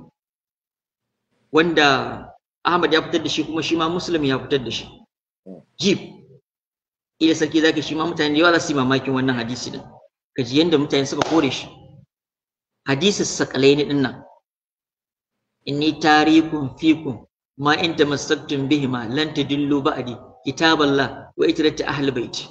Speaker 2: wanda Ahmad ya fitar da shi kuma shi ma Muslim ya fitar da shi jib iya sarki zaka shi ma mutane da yawa za su yi mamakin wannan hadisi din ka ji yanda mutane suka kore shi hadisi sakalaini din nan inni tarikum fikum ma in tamassaktum bihima lan tadillu ba'di kitaballah wa itratu ahli baiti.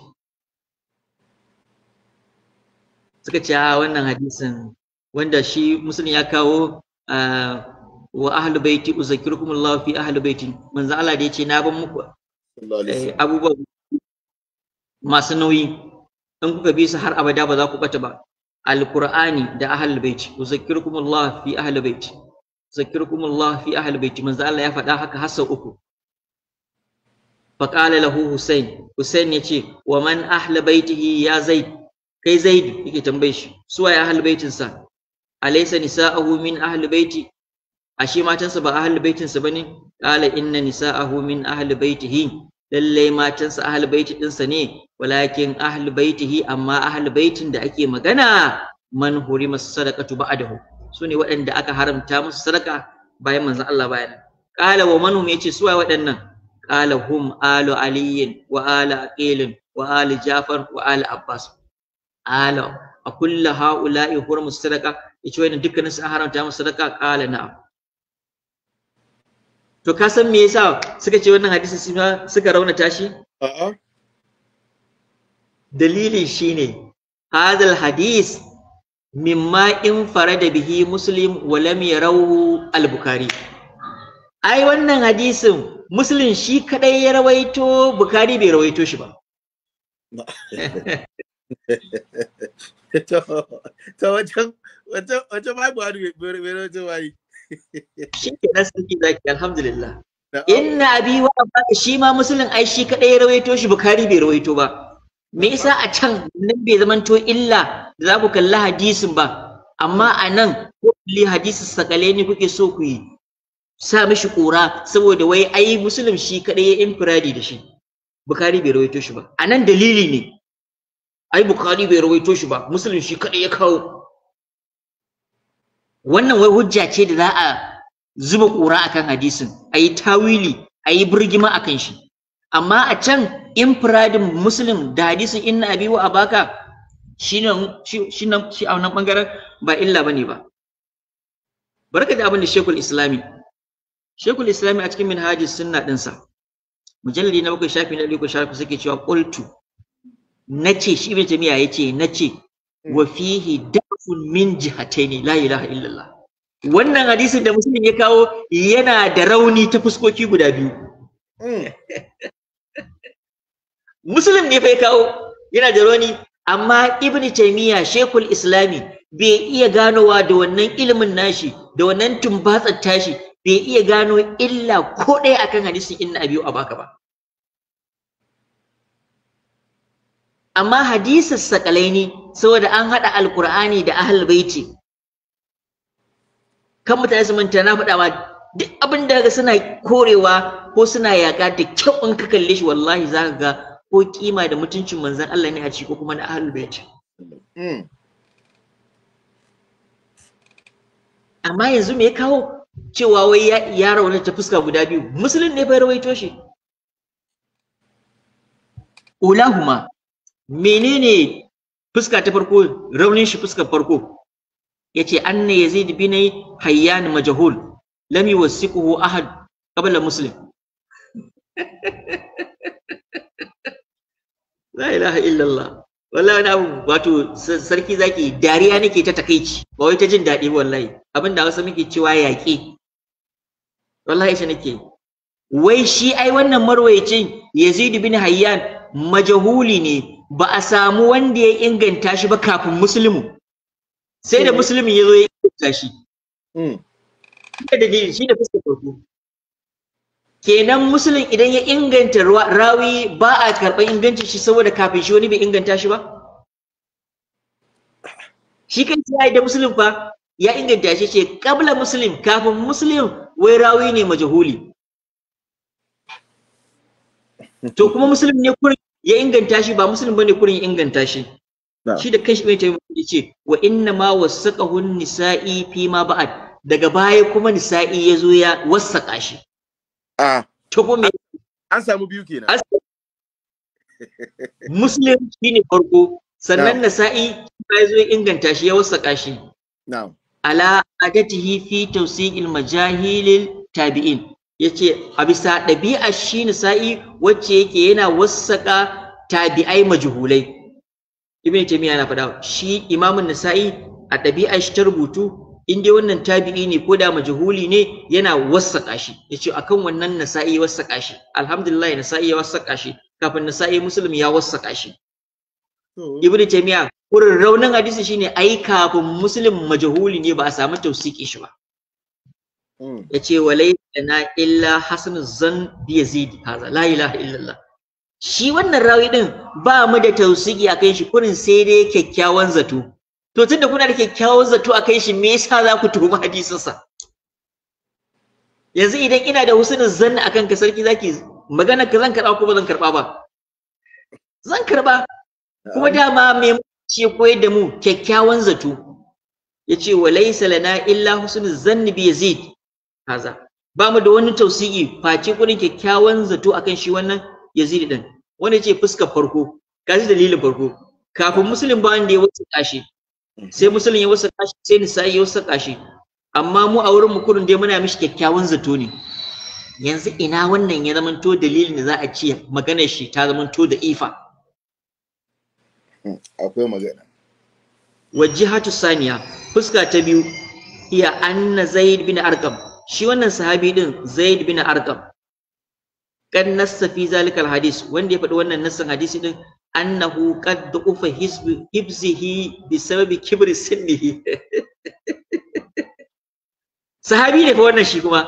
Speaker 2: suka ce a ah, wannan hadisin wanda shi musulun ya kawo ah, wa ahlu baiti uzakirukum Allah fi ahlu baiti manzo Allah da yace na ban muku eh, abubuwa masu nauyi in kuka bi su har abada ba za ku bata ba alqur'ani da ahlul baiti uzakirukum Allah fi ahlul baiti uzakirukum Allah fi ahlul baiti manzo Allah ya faɗa haka har sau uku faqala lahu husayn husayn yace wa man ahlu baitihi ya zaid kai zaid yake tambaye shi suwaye ahlul baitin sa alaysa nisa'uhu min ahli baiti ashe matansa ba ahlul baitinsa bane qala inna nisa'ahu min ahli baitihi lalle matansa ahli baiti dinsa ne walakin ahli baitihi amma ahli baitin da ake magana man hurima sadaqatu ba'dahu sune waɗanda aka haramta musu sadaka bayan manzon Allah bayan qala wa man hum yace suwa waɗannan qala hum alu aliyin wa ala aqilin wa ala jafar wa ala abbas ala a kullu ha'ula'i hurma sadaqa yace wannan dukkanin su haramta musu sadaka qala na'am to ka san me yasa suka ce wannan hadisi suka raunata shi a'a dalilin shine hadal hadis mimma in farada bihi muslim wa lam yarahu al-bukhari ai wannan hadisin muslim shi kadai ya rawaito
Speaker 1: bukhari bai rawaito shi ba to wajen wajen babu bai rawaito bai. shi ke nan sarki zaki alhamdulillah inna abi wa abaka shi
Speaker 2: ma musulun ai shi kadai ya rawaito shi bukari bai rawaito ba me yasa a can nan bai zamanto illa da za ku kalli hadisin ba amma a nan ko kalli hadisin sakale ne kuke so ku yi sa mishi ƙura saboda wai ai musulun shi kadai ya infiradi da shi bukari bai rawaito shi ba a nan dalili ne ai bukari bai rawaito shi ba musulun shi kadai ya kawo wannan wai hujja ce da za a zuba ƙura akan hadisin a yi tawili a yi birgima akan shi amma a can infiradin muslim da hadisin inna abi wa abaka shi nan shi a wannan bangaren ba illa bane ba barka da abin da shekul islami shekul islami a cikin minhajis sunna dinsa mujalli na bakwai shafi na ɗari shafi suke cewa qultu nace shi ibnu tamiya yace nace wa fihi da khawfun min jihataini la ilaha illallah wannan hadisin da musulmi ya kawo yana da rauni ta fuskoki guda biyu hmm. muslim ne fa ya kawo yana da rauni amma ibn taymiya shekul islami bai iya ganowa da wannan ilimin nashi da wannan tumbatsar tashi bai iya gano illa ko ɗaya akan hadisin inna abiyu baka ba amma hadisin sakalaini saboda an haɗa alkur'ani da ahlul baiti kan mutane su manta na faɗawa duk abin da ga suna korewa ko suna yaƙa da kyau in ka kalle shi wallahi za ka ga ko kima da mutuncin manzon Allah ne a ciki ko kuma na ahlul baiti hmm. amma yanzu me ya kawo cewa wai ya raunata ta fuska guda biyu musulun ne bai rawaito shi ulahuma menene fuska ta farko raunin shi fuska farko yace anna yazid bin hayyan majhul lam yuwasiquhu ahad qabla muslim la ilaha illallah wallahi na wato sarki zaki dariya nake ta takaici ba wai ta jin daɗi wallahi abin da wasu muke cewa yaƙi wallahi shi nake wai shi ai wannan marwayacin yazid bin hayyan majahuli ne ba a samu wanda ya inganta shi ba kafin musulmi sai da musulmi ya zo ya inganta shi hmm. shi da fuskar farko kenan musulun idan ya inganta rawi ba a karɓar ingancin shi saboda kafin shi wani bai inganta shi ba shi kan ya yi da musulun fa ya inganta shi ce kabla musulun kafin musulun wai rawi ne majahuli to kuma musulun ne kurin ya inganta shi ba musulun bane kurin ya inganta shi shi da kanshi bai taimako ya ce wa inna ma wasaqahun nisa'i fi ma ba'ad daga baya kuma nisa'i ya zo ya wasaka shi a to me an samu biyu kenan muslim shine farko sannan nisa'i ya zo ya inganta shi ya wasaka shi na'am ala adatihi fi tawsiqil majahilil tabi'in ya ce a bisa ɗabi'ar shi nisa'i wacce yake yana wasaƙa tabi'ai majhulai ibn taymiya na faɗa shi imamun nisa'i a ɗabi'ar shi ta rubutu in dai wannan tabi'i ne ko da majhuli ne yana wasaƙa shi yace akan wannan nasa'i wasaƙa shi alhamdulillah nasa'i ya wasaƙa shi kafin nasa'i muslim ya wasaƙa shi hmm. ibn taymiya kurin raunin hadisi shine ai kafin muslim majhuli ne ba a samu tausiki shi ba Mm. ya ce walai na illa hasanu zan bi yazid haza la ilaha illallah shi wannan rawi din ba mu da tausigi kai shi kurin sai dai kyakkyawan zato to tunda kuna da kyakkyawan zato a kai shi me yasa za ku tuhumi hadisin sa yanzu idan ina da husnu zan akan ka sarki zaki magana ka zan karba ko ba zan karba ba zan karba kuma dama me ce koyar da mu kyakkyawan zato yace walaysa lana illa husnu zanni bi yazid kaza ba mu da wani tausi'i face kudin kyakkyawan zato akan shi wannan yazidi din wanda yake fuska farko kaji dalilin farko kafin musulun ba wanda ya wasa kashi sai musulun ya wasa kashi sai nisa'i ya wasa kashi amma mu a wurin mu kudin dai muna mishi kyakkyawan zato ne yanzu ina wannan ya to dalilin da za a ce maganar shi ta to da ifa
Speaker 1: hmm, akwai magana
Speaker 2: wajihatu saniya fuska ta biyu hiya anna zaid bin arqam shi wannan sahabi din zaid bin arqam kan nassa fi zalikal hadis wanda ya faɗi wannan nassan hadisi din annahu qad du'ufa hibzihi bi sababi kibri sinnihi sahabi ne fa wannan shi kuma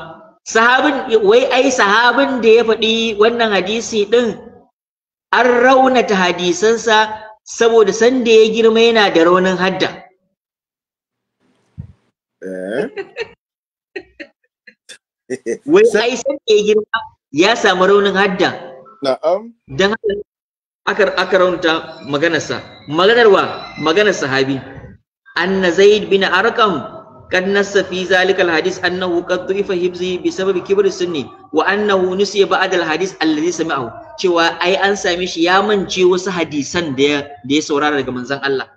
Speaker 2: sahabin wai ai sahabin da ya faɗi wannan hadisi din an raunata hadisansa saboda sanda ya girma yana da raunin hadda eh? wai ai san da girma ya samu raunin hadda na'am dan aka aka raunta maganarsa maganar wa maganar sahabi anna zaid bin arqam قد نص في ذلك الحديث انه قد ضعف حفظه بسبب كبر السن وانه نسي بعد الحديث alladhi sami'ahu cewa ai an same shi ya mance wasu hadisan da ya da ya saurara daga manzon Allah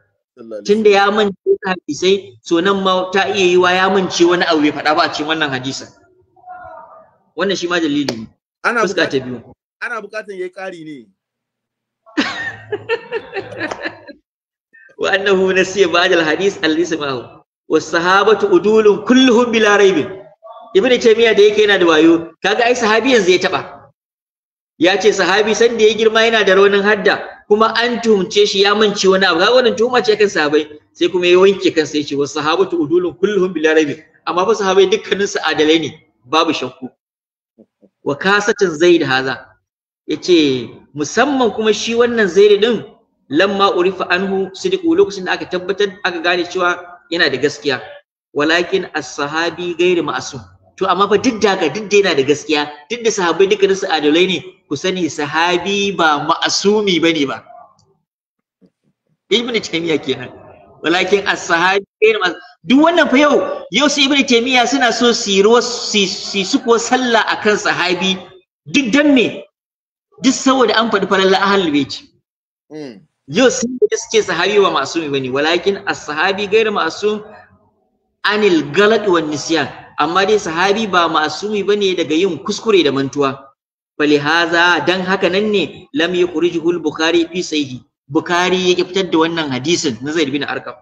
Speaker 2: tunda ya mance hadisai so nan ma ta iya yiwa ya mance wani abu bai faɗa ba a cikin wannan hadisan wannan shi ma dalili ne ana fuska ta biyu
Speaker 1: ana bukatan yayi kari ne
Speaker 2: wa annahu nasiya ba'dal hadis al-ismahu was sahabatu udulun kulluhum bila raibin ibnu taymiya da yake yana da wayo kaga ai sahabi yanzu ya taba ya ce sahabi san da ya girma yana da raunin hadda kuma an tuhumce shi ya mance wani abu kaga wannan tuhuma ce kan sahabai sai kuma ya wanke kansa ya ce wasu sahabatu udulun kulluhum bila raibin amma fa sahabai dukkanin su adalai ne babu shakku wa kasatin zaid haza yace musamman kuma shi wannan zaid din lamma urifa anhu sidiku lokacin da aka tabbatar aka gane cewa yana da gaskiya walakin as-sahabi ghairu ma'sum to amma fa duk da haka duk da yana da gaskiya duk da sahabbai duka su adalai ne ku sani sahabi ba ma'asumi bane ba ibnu taymiya kenan walakin as-sahabi duk wannan fa yau yau sai ibnu taymiya suna so su yi ruwa su su ko sallah akan sahabi duk dan me duk saboda an faɗi farar ahlul bait hmm. yau sun da suke sahabi ba masumi bane walakin as-sahabi gairu masum anil galad wan nisyan amma dai sahabi ba masumi bane daga yin kuskure da mantuwa falihaza dan haka nan ne lam yukhrijuhu al-bukhari fi sahihi bukhari ya fitar da wannan hadisin na zaid bin arqam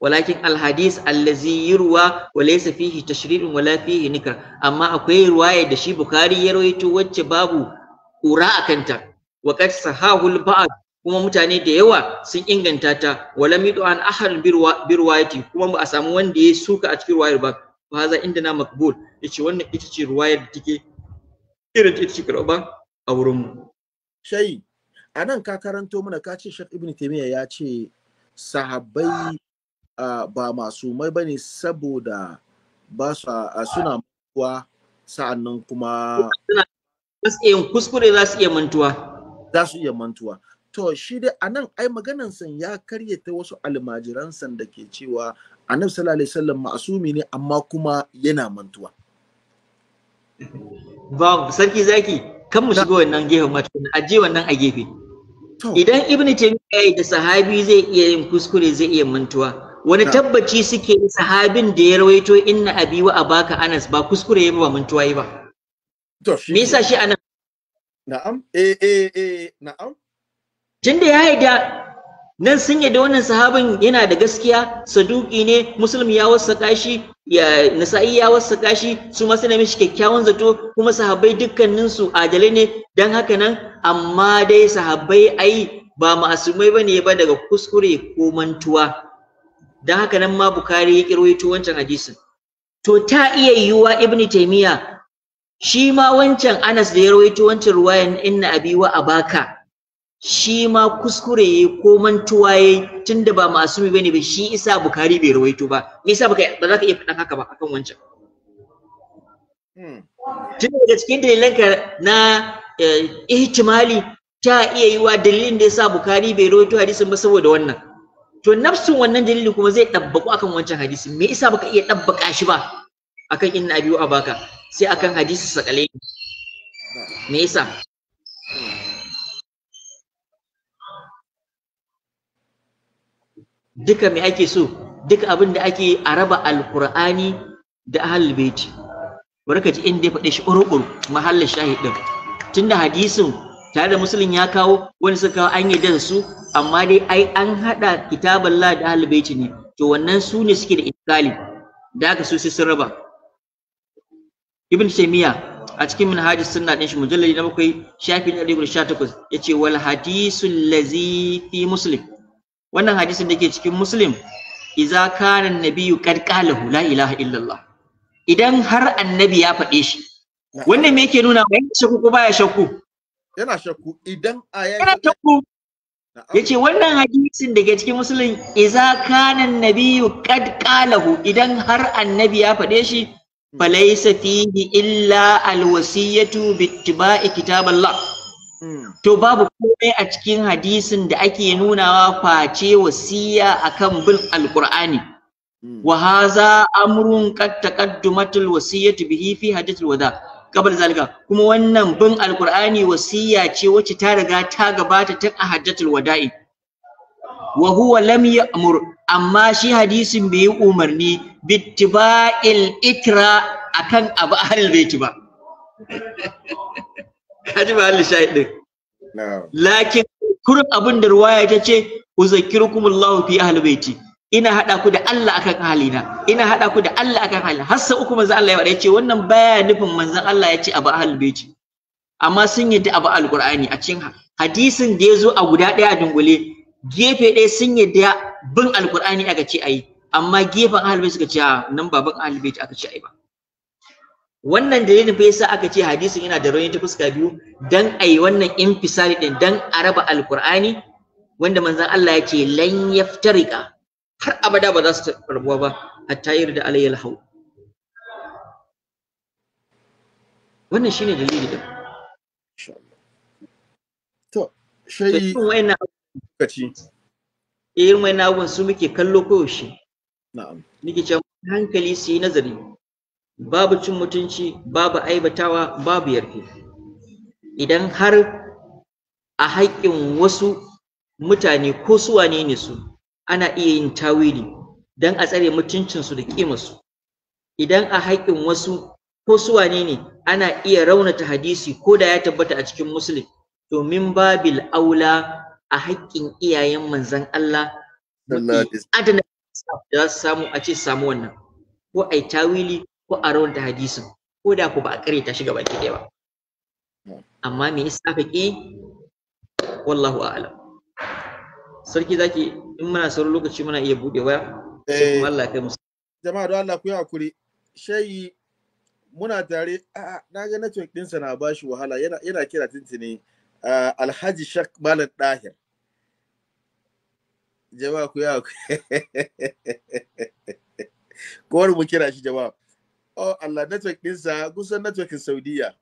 Speaker 2: walakin alhadis allazi yurwa wa laysa fihi tashrirun wala fihi amma akwai ruwaya da shi bukhari ya rawaito wacce babu ƙura a kanta. qad sahahul ba'd kuma mutane da yawa sun inganta ta wala midu an ahad birwayati kuma ba a samu wanda ya suka a cikin ruwayar ba fa haza inda na makbul yace ita ce ruwayar da take irin ita ce karɓa a wurin mu
Speaker 1: shayi a nan ka karanto mana ka ce shek ibn ya ce sahabbai uh, ba masumai ba ne saboda ba su uh, suna mantuwa sa'annan kuma yin kuskure za su iya mantuwa za su iya mantuwa to shi dai a nan ai maganan san ya karyata wasu almajiransa da ke cewa annabi sallallahu alaihi wasallam ma'asumi ne amma kuma yana mantuwa ba sarki zaki
Speaker 2: kan mu shigo wannan gefen mata aje wannan a gefe idan ibnu taymiya da sahabi zai iya yin kuskure zai iya mantuwa wani tabbaci suke sahabin da ya rawaito inna abi wa abaka anas ba kuskure ya ba mantuwa yi ba me yasa shi anan
Speaker 1: na'am eh eh eh na'am tunda ya haida
Speaker 2: nan sun yadda wannan sahabin yana da gaskiya saduki ne muslim ya wasaka shi ya nasa'i ya wasaka shi su ma suna mishi kyakkyawan zato kuma sahabbai dukkanin su adalai ne dan haka nan amma dai sahabbai ai ba ma'asumai bane ba daga kuskure ko mantuwa dan haka nan ma bukari ya kirwaito wancan hadisin to ta iya yiwuwa ibnu taymiya shi ma wancan anas da ya rawaito wancan ruwayan inna abi wa abaka shi ma kuskure ya ko mantuwa ya tunda ba masumi bane ba shi isa bukari bai rawaito ba me yasa baka ba za ka iya faɗan haka ba akan wancan tun daga cikin ka na eh, ihtimali ta iya yiwa dalilin da yasa bukari bai rawaito hadisin ba saboda wannan to nafsin wannan dalili kuma zai ɗabbaku akan wancan hadisi me yasa baka iya ɗabbaka shi ba akan inna abiyu baka sai akan hadisi sakale me yasa duka me ake so duka abin da ake a raba alkur'ani da ahlul baiti bari ka ji inda ya faɗe shi urubur mahallin shahid din tunda hadisin tare da musulun ya kawo wani suka kawo an yadda da su amma dai ai an haɗa kitabun la da ahlul ne to wannan su ne suke da itikali da aka su sun raba ibn taymiya a cikin manhajus sunna din shi mujallali na bakwai shafi na ɗari wal hadisul ladhi fi muslim wannan hadisin da ke cikin muslim idza kana nabiyyu qad qala la ilaha illallah idan har annabi ya faɗe shi wannan me yake nuna mai shakku ko baya shakku yana shakku idan a yace wannan hadisin daga cikin musulun iza kanan nabiyu qad qalahu idan har annabi ya faɗe shi hmm. falaysa fihi illa alwasiyatu bittiba'i kitaballah hmm. to babu komai a cikin hadisin da ake nunawa face wasiya akan bil alqur'ani hmm. wa hadha amrun qad taqaddumatul wasiyatu bihi fi hadithil wada' qabla zalika kuma wannan bin alqur'ani wasiya ce wacce ta riga ta gabata tun a hajjatul wada'i wa huwa lam ya'mur amma shi hadisin bai yi umarni bittiba'il ikra akan abu ahlul baiti ba kaji ba ahlul shahid din lakin kurin abin da ruwaya ta ce uzakirukumullahu fi ahlul baiti ina haɗa ku da Allah akan halina ina haɗa ku da Allah akan halina har sai uku manzon Allah ya faɗa yace wannan baya nufin manzon Allah ya ce abu ahlul baiti amma sun yadda abu alqur'ani a cikin hadisin da ya zo a guda ɗaya a dungule gefe ɗaya sun yadda bin alqur'ani aka ce ayi amma gefen ahlul baiti suka ce nan ba bin ahlul baiti aka ce ayi ba wannan dalilin fa yasa aka ce hadisin yana da rauni ta fuska biyu dan ayi wannan infisali din dan a raba alqur'ani wanda manzon Allah ya ce lan yaftarika har abada ba za su rabuwa ba hatta da alayyal alhaw wannan shine dalili da to shi lokaci eh, irin wayannan abubuwan su muke kallo koyaushe na'am nake cewa hankali su yi nazari babu cin mutunci babu aibatawa babu yarfe idan har a haƙƙin wasu mutane ko su wane ne su ana iya yin tawili don a tsare mutuncinsu da ƙimarsu idan a haƙƙin wasu ko su wane ne ana iya raunata hadisi ko da ya tabbata a cikin musulun domin babil aula a haƙƙin iyayen manzan Allah adana da za su samu a ce samu wannan ko a yi tawili ko a raunata hadisin ko da ku ba a kare ta shiga baki ɗaya ba amma me yasa ka wallahu a'lam sarki zaki in muna sauran lokaci muna iya bude waya sai eh, Allah kai musu
Speaker 1: jama'a don Allah ku yi hakuri shayi muna tare a na ga network sa na bashi wahala yana yana kira tintini ah, Alhaji Shak Malam Dahir jama'a ku yi hakuri kowar mu kira shi jama'a oh Allah network ɗinsa kusan networkin Saudiya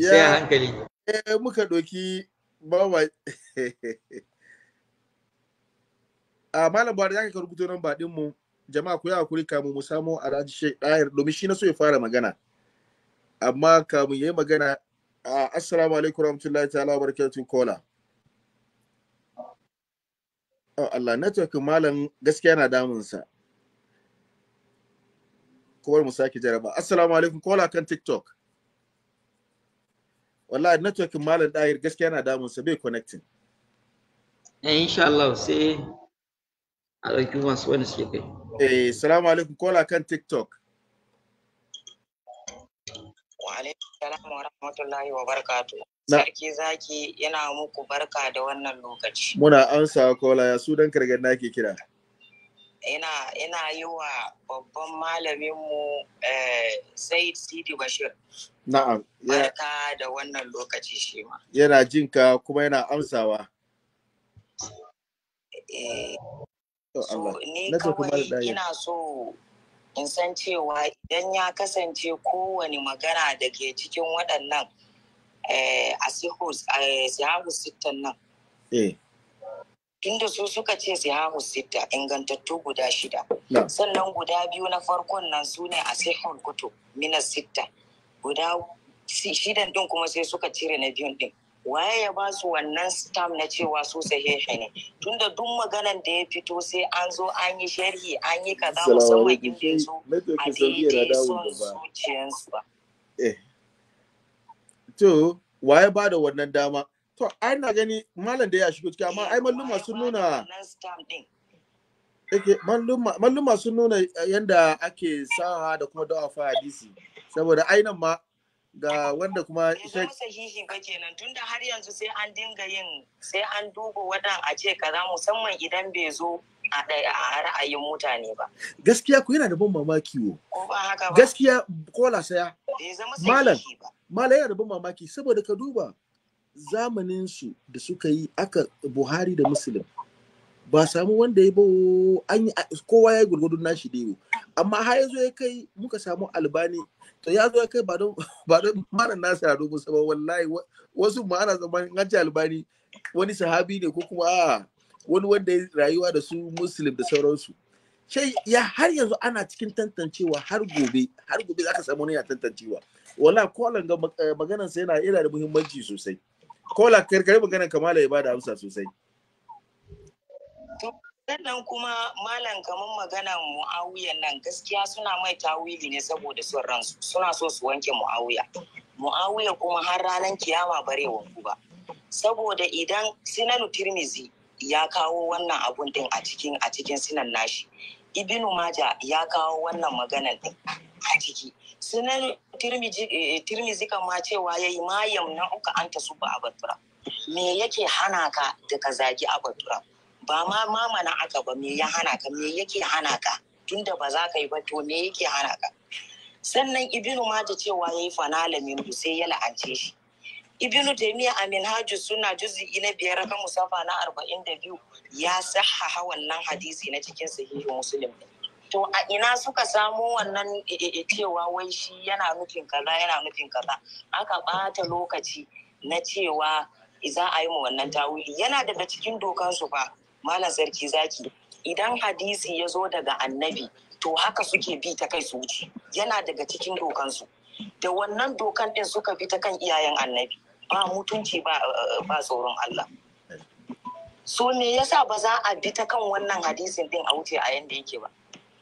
Speaker 1: sai hankali eh, muka ɗoki bawa a malam buhari zaka ka rubuto nan din mu jama'a ku yi hakuri kamu mu samu alhaji shek ɗayar domin shi na so ya fara magana amma kamu ya yi magana assalamu alaikum rahmatullahi ta'ala wa kola Oh Allah, network malam gaskiya na damunsa. bar mu sake jaraba. Assalamu alaikum, kola kan TikTok. Wallahi network malam ɗahir gaskiya na damunsa bai connecting.
Speaker 2: Eh, insha Allah sai a ɗauki masu wani suke kai.
Speaker 1: Eh, salamu alaikum kola kan TikTok.
Speaker 4: Wa alaikum salamu wa rahmatullahi wa barakatu. Sarki zaki yana muku barka da wannan lokaci.
Speaker 1: Muna amsa kola ya su don kargar na ke kira.
Speaker 4: Ina ina yi wa babban malaminmu eh, Said Sidi Bashir. Na'am. Barka da wannan lokaci shi ma.
Speaker 1: Yana jinka kuma yana amsawa. Eh, ni kawai ina
Speaker 4: so in san cewa idan ya kasance kowane magana daga cikin waɗannan eh, a eh, sihahus sittan nan. Eh. Tunda su suka ce sihahus sitta ingantattu guda shida. Sannan guda biyu na farkon nan su ne a sihahul kutu minas sitta. Guda shidan din kuma sai suka cire na biyun din. waye ya ba su wannan stamp na cewa su sahihi ne tunda duk maganan da ya fito sai an zo an yi sharhi an yi kaza musamman in
Speaker 1: bai zo a daidai son
Speaker 4: zuciyarsu ba.
Speaker 1: Eh. To waye ba da wannan dama to ai na gani malam da ya shigo ciki amma ai malluma sun nuna Eke, malluma sun nuna yadda ake saha da kuma da'afa hadisi saboda ainihin ma da wanda kuma ita
Speaker 4: sahihi ba kenan tunda har yanzu sai an dinga yin sai an duba wadan a ce kaza musamman idan bai zo a ra'ayin mutane ba
Speaker 1: gaskiya ku yana da ban mamaki wo gaskiya kola saya malam malam yana da ban mamaki saboda ka duba zamanin su da suka yi aka Buhari da Muslim ba samu wanda ya ba an kowa ya yi gurgudun nashi da yiwu amma har ya zo ya kai muka samu albani to ya zo ya kai ba don mara nasa ado wallahi wasu ma ana albani wani sahabi ne ko kuma a wani wanda ya rayuwa da su muslim da sauransu sai ya har yanzu ana cikin tantancewa har gobe har gobe za ka samu wani ya tantancewa wala kolan ga eh, maganarsa yana da muhimmanci sosai kola karkare maganar kamala ya bada amsa sosai
Speaker 4: sannan kuma malam kamar maganan mu'awiya nan gaskiya suna mai tawili ne saboda son ransu suna so su wanke mu'awiya mu'awiya kuma har ranar kiyama bare wanku ba saboda idan sinanu tirmizi ya kawo wannan abun din a cikin a cikin sinan nashi ibnu maja ya kawo wannan maganan din a ciki sinan eh, tirmizi kan ma cewa yayi ma na uka anta a abatura me yake hana ka da ka zagi abatura ba ma mamana aka ba me ya hana ka me yake hana ka tunda ba za ka yi ba to me yake hana ka sannan ibnu ma ta cewa yayi fanala min sai ya la'ance shi ibnu taymiya amin Hajji suna juz'i na biyar kan musafa na arba'in da biyu ya sahaha wannan hadisi na cikin sahihi muslim to a ina suka samo wannan e, e, e, cewa wai shi yana nufin kaza yana nufin kaza aka bata lokaci na cewa za a yi mu wannan tawili yana daga cikin dokansu ba. malam sarki zaki idan hadisi ya zo daga annabi to haka suke bi ta kai su wuce yana daga cikin dokansu da wannan dokan ɗin suka bi ta kan iyayen annabi ba mutunci ba eh, tsoron Allah so me yasa ba za a bi ta kan wannan hadisin ɗin a wuce a yanda yake ba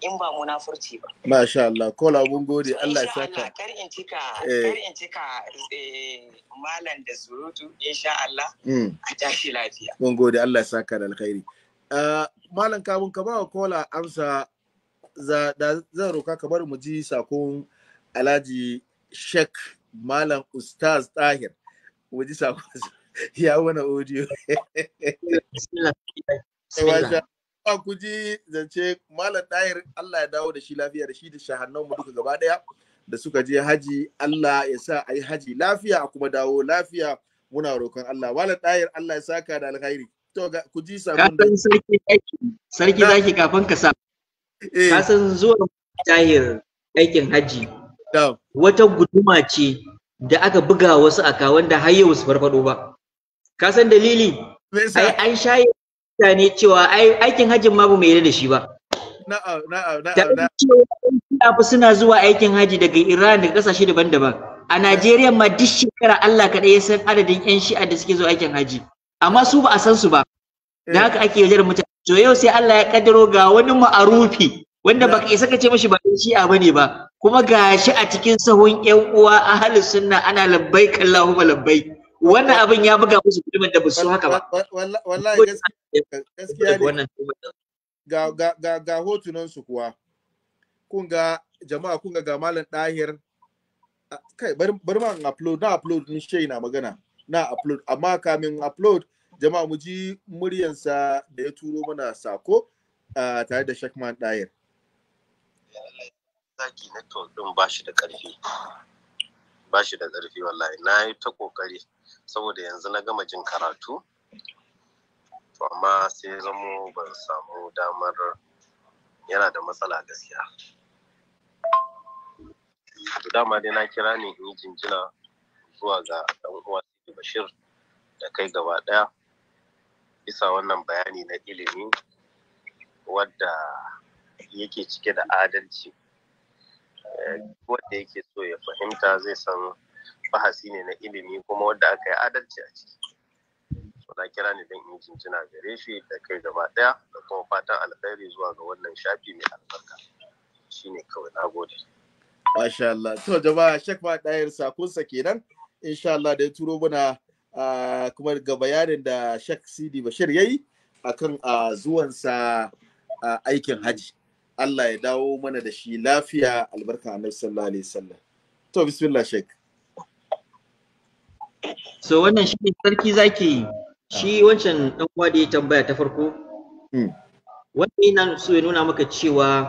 Speaker 4: in ba munafurci ba
Speaker 1: masha Allah kola mun gode Allah ya saka kar in cika eh. kar in cika
Speaker 4: eh, malam da surutu insha Allah hmm. a tashi lafiya
Speaker 1: mun gode Allah ya saka da alkhairi ah, malam kamun ka ba wa kola amsa da zan roka ka bar mu ji sakon Alhaji Sheikh Malam Ustaz Tahir mu ji sakon ya wani audio. Bismillah. a ku zance malam ɗayar Allah ya dawo da shi lafiya da shi da shahannan mu duka gaba ɗaya da suka je haji Allah ya sa a yi haji lafiya a kuma dawo lafiya muna roƙon Allah malam ɗayar Allah ya saka da alkhairi to ku ji sabon da
Speaker 2: sarki zaki sarki zaki kafin ka sa eh. ka san zuwa tahir aikin haji wata guduma ce da aka buga wasu aka wanda har yau su farfado ba ka san dalili ai an shaye mutane cewa aikin hajjin ma ba mu yarda da shi ba na'a na'a suna zuwa aikin haji daga Iran da kasashe daban-daban a Najeriya ma duk shekara Allah kaɗai ya san adadin 'yan shi'a da suke zuwa aikin haji amma su ba a san su ba da eh. haka ake yaujar mutane to yau sai Allah ya kaddaro ga wani ma'arufi wanda baka isa ka ce mishi ba ɗan shi'a ne ba kuma gashi a cikin sahun 'yan uwa ahlus sunna ana labbaik Allahumma labbaik wannan abin ya buga musu kudin da ba su haka ba
Speaker 1: wallahi gaskiya ne ga ga ga hotunan su kuwa kun ga jama'a kun ga malam dahir kai bar ma upload na upload ni shi na magana na upload amma kamin upload jama'a mu ji muryansa da ya turo mana sako tare da Shakman Dahir
Speaker 3: zaki network din ba shi da ƙarfi ba shi da ƙarfi wallahi na yi ta ƙoƙari saboda yanzu na gama jin karatu to amma sai zamo ban samu damar yana da matsala gaskiya dama dai na kira ne in yi jinjina zuwa ga dan uwa bashir da kai gaba ɗaya bisa wannan bayani na ilimi wadda yake cike da adalci eh, wanda yake so ya fahimta zai san bahasi ne na ilimi kuma wanda aka yi adalci a ciki na kira ni don in jinjina gare shi da kai gaba daya da kuma fatan alkhairi zuwa ga wannan shafi mai albarka shine kawai na gode
Speaker 1: Masha Allah. To jama'a Sheikh ma ɗayar sakunsa kenan. Insha Allah da ya turo mana kuma ga bayanin da Sheikh Sidi Bashir yayi akan zuwansa aikin Hajji. Allah ya dawo mana da shi lafiya albarka a Nafisar alaihi To bismillah Sheikh. so wannan shi ne sarki zaki shi ah. wancan dan uwa da ya tambaya ta farko hmm.
Speaker 2: wannan yana so ya nuna maka cewa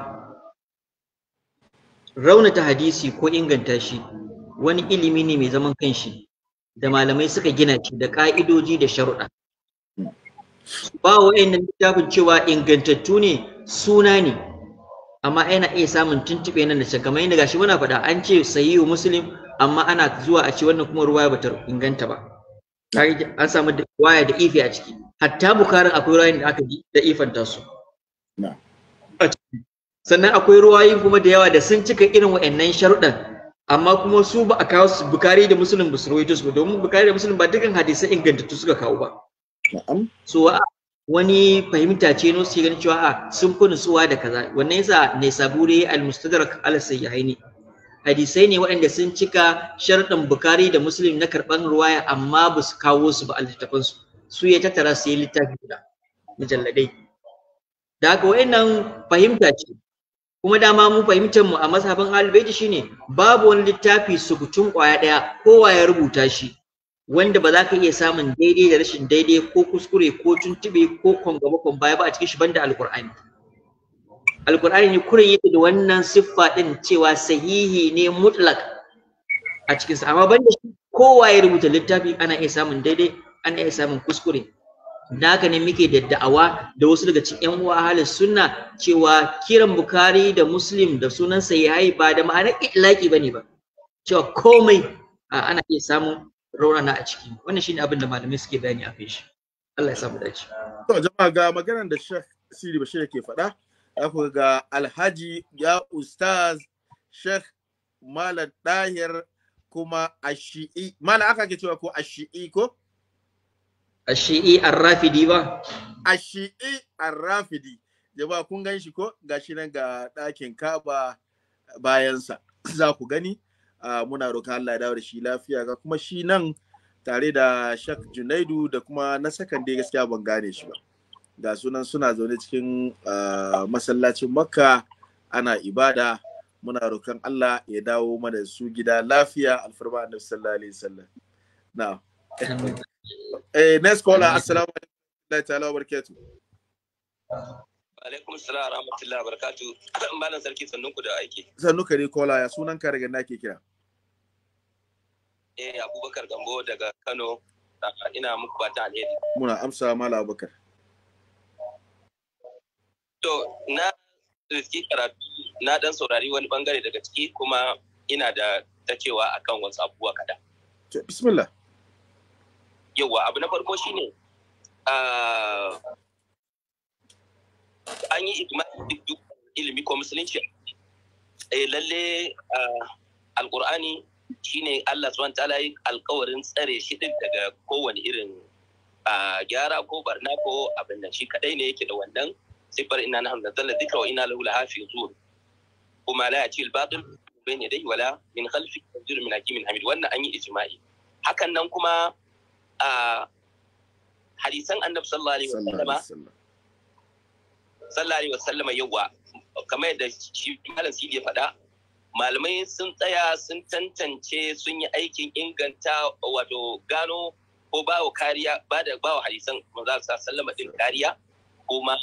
Speaker 2: raunata hadisi ko inganta shi wani ilimi ne mai zaman kanshi da malamai suka gina shi da ka'idoji da sharuɗa hmm. ba wa'annan littafin cewa ingantattu ne suna ne amma yana iya samun tuntuɓe nan da can kamar yadda gashi muna faɗa an ce sahihu muslim amma ana zuwa a ce wannan kuma ruwaya bata inganta ba an samu da waya da ife a ciki hatta bukarin akwai ruwayin da aka yi da ifanta su sannan akwai ruwayin kuma da yawa da sun cika irin wa'annan sharuɗan amma kuma su ba a kawo su bukari da musulun ba su rawaito su domin bukari da musulun ba dukkan hadisai ingantattu suka kawo ba so wani fahimta ce no su ganin cewa sun kunu nutsuwa da kaza wannan yasa ne sabure al-mustadrak al sayyihaini hadisai ne waɗanda sun cika sharɗin bukari da muslim na karɓan ruwaya amma ba su kawo su ba a littafansu su ya tattara su yi littafi guda mujalladai da haka wa'annan fahimta ce kuma dama mu fahimtar mu a mazhabin albaiti shine babu wani littafi sukutun kwaya daya kowa ya rubuta shi wanda ba za ka iya samun daidai da rashin daidai ko kuskure ko tuntube ko kwangaba baya ba a cikin shi banda alkur'ani alkur'ani kurin yake da wannan siffa din cewa sahihi ne mutlak a cikin sa amma banda shi kowa ya rubuta littafi ana iya samun daidai ana iya samun kuskure da haka ne muke da da'awa da wasu daga cikin yan uwa halin Suna cewa kiran bukari da muslim da sunan sahihai ba da ma'anar itlaki bane ba cewa komai ana iya samun
Speaker 1: raunana a ciki wannan shine abin da malamai suke bayani a kai Allah ya samu dace to jama'a ga maganar da Sheikh Siri Bashir yake faɗa ga alhaji ya ustaz sheikh malam dahir kuma ashi'i malam aka ke cewa ko ashi'i ko
Speaker 2: ashi'i arrafidi ba
Speaker 1: ashi'i arrafidi jama'a kun gan shi ko gashi nan ga ɗakin kaba bayansa za ku gani muna roƙa Allah ya dawo da shi lafiya ga kuma shi nan tare da Shak Junaidu da kuma na sakande gaskiya ban gane shi ba. ga sunan suna zaune cikin ah, masallacin makka ana ibada muna roƙon Allah ya dawo mana su gida lafiya alfarma annabi sallallahu alaihi wasallam na eh next caller assalamu alaikum ta'ala wa barakatuh
Speaker 3: alaikum assalam wa rahmatullahi wa barakatuh malam sarki sannun ku da aiki
Speaker 1: sannu ka ne caller ya sunan ka daga nake kira
Speaker 3: eh abubakar gambo daga Kano ah, ina muku fata alheri
Speaker 1: muna amsa malam abubakar
Speaker 3: To na riski karatu na dan saurari wani bangare daga ciki kuma ina da takewa a akan wasu abubuwa kada. Bismillah. Yawwa abu na farko ne. an yi ijma'i duk ilimi ko musulunci. Eh lalle shi ne Allah subhanahu ta'ala yi alkawarin tsare shi din daga kowane irin gyara ko barna ko abin da shi kadai ne yake da wannan سبر wa نحن lahu الذكر وإنا له لحافظون وما لا يأتي الباطل wala min khalfi tanzir min hakim من حكيم حميد وأن ijma'i hakan nan kuma a hadisan annabi sallallahu alaihi wasallam sallallahu alaihi wasallam yawa kamar yadda shi malam sidi ya faɗa malamai sun tsaya sun tantance sun yi aikin inganta wato gano ko bawo kariya ba da bawo hadisan manzo sallallahu alaihi wasallam din kariya kuma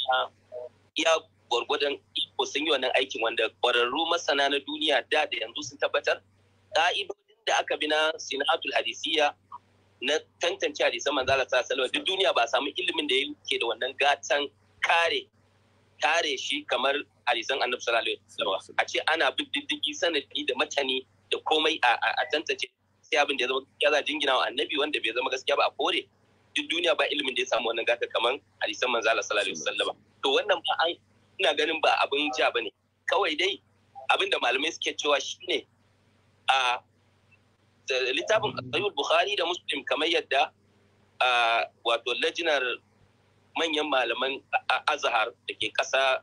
Speaker 3: iya gwargwadon iko sun yi wannan aikin wanda kwararru masana na duniya da da yanzu sun tabbatar ka'idodin da aka bi na sinatul hadisiya na tantance hadisan manzo Allah sallallahu duk duniya ba samu ilimin da ke da wannan gatan kare kare shi kamar hadisan annabi sallallahu a ce ana bin diddigi sanadi da matani da komai a tantance sai abin da ya zama gaskiya za jingina wa annabi wanda bai zama gaskiya ba a kore duk duniya ba ilimin da ya samu wannan gata kaman hadisan manzo Allah sallallahu alaihi wasallam to wannan ba an ina ganin ba abin ja bane kawai dai abin da malamai suke cewa shine a littafin Sahih Bukhari da Muslim kamar yadda wato lajinar manyan malaman Azhar da ke kasa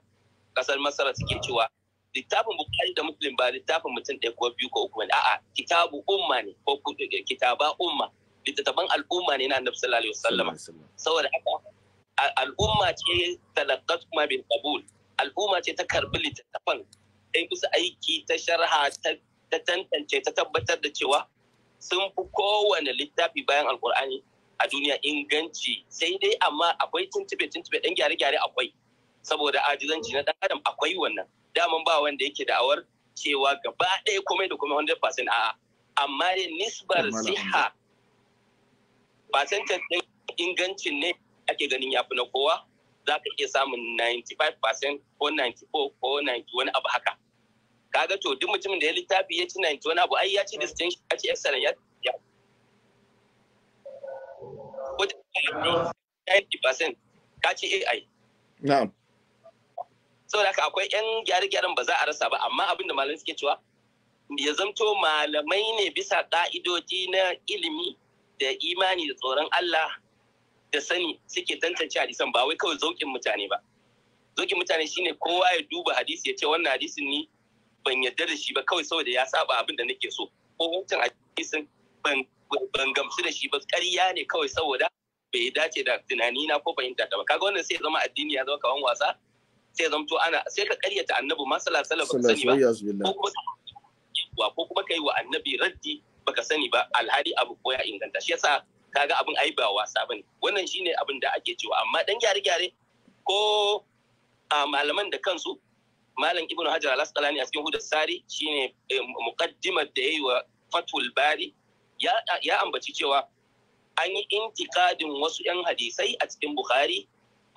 Speaker 3: kasar masara suke cewa littafin bukari da muslim ba littafin mutum ɗaya ko biyu ko uku ne a'a kitabu umma ne ko kitaba umma littattafan al'umma ne na annabi sallallahu alaihi wasallama saboda haka al'umma ce talaqat kuma bin qabul al'umma ce ta karbi littattafan ta yi aiki ta sharha ta tantance ta tabbatar da cewa sun fi kowane littafi bayan alkur'ani a duniya inganci sai dai amma akwai tuntube tuntube dan gyare-gyare akwai saboda ajizanci na dan adam akwai wannan daman ba wanda yake da'awar cewa gaba ɗaya komai da komai 100% a'a amma dai nisbar siha percentage ɗin ingancin ne ake ganin ya fi na kowa za ka iya samun 95% ko 94 ko 90 wani abu haka kaga to duk mutumin da ya littafi ya ci 90 wani abu ai ya ci distinction ya ci excellent ya ci ko 90% ka ci AI na'am saboda haka akwai yan gyare-gyaren ba za a rasa ba amma abin da malamai suke cewa ya zamto malamai ne bisa ƙa'idoji na ilimi da imani da tsoron Allah da sani suke tantance hadisan ba wai kawai zaukin mutane ba zaukin mutane shine kowa ya duba hadisi ya ce wannan hadisin ni ban yarda da shi ba kawai saboda ya saba abin da nake so ko wancan hadisin ban ban gamsu da shi ba ƙarya ne kawai saboda bai dace da tunani na ko fahimta ta ba kaga wannan sai ya zama addini ya zama kawan wasa sai ya zama to ana sai ka ƙaryata annabi ma sallallahu alaihi wasallam ba ko kuma kai wa annabi raddi baka sani ba alhali abu ko ya inganta shi yasa kaga abin ai ba wasa bane wannan shine abin da ake cewa amma dan gyare-gyare ko a malaman da kansu malam ibnu hajar al-asqalani a cikin hudud sari shine eh, muqaddimat da yayi wa fatul bari ya ambaci cewa an yi intikadin wasu 'yan hadisai a cikin bukhari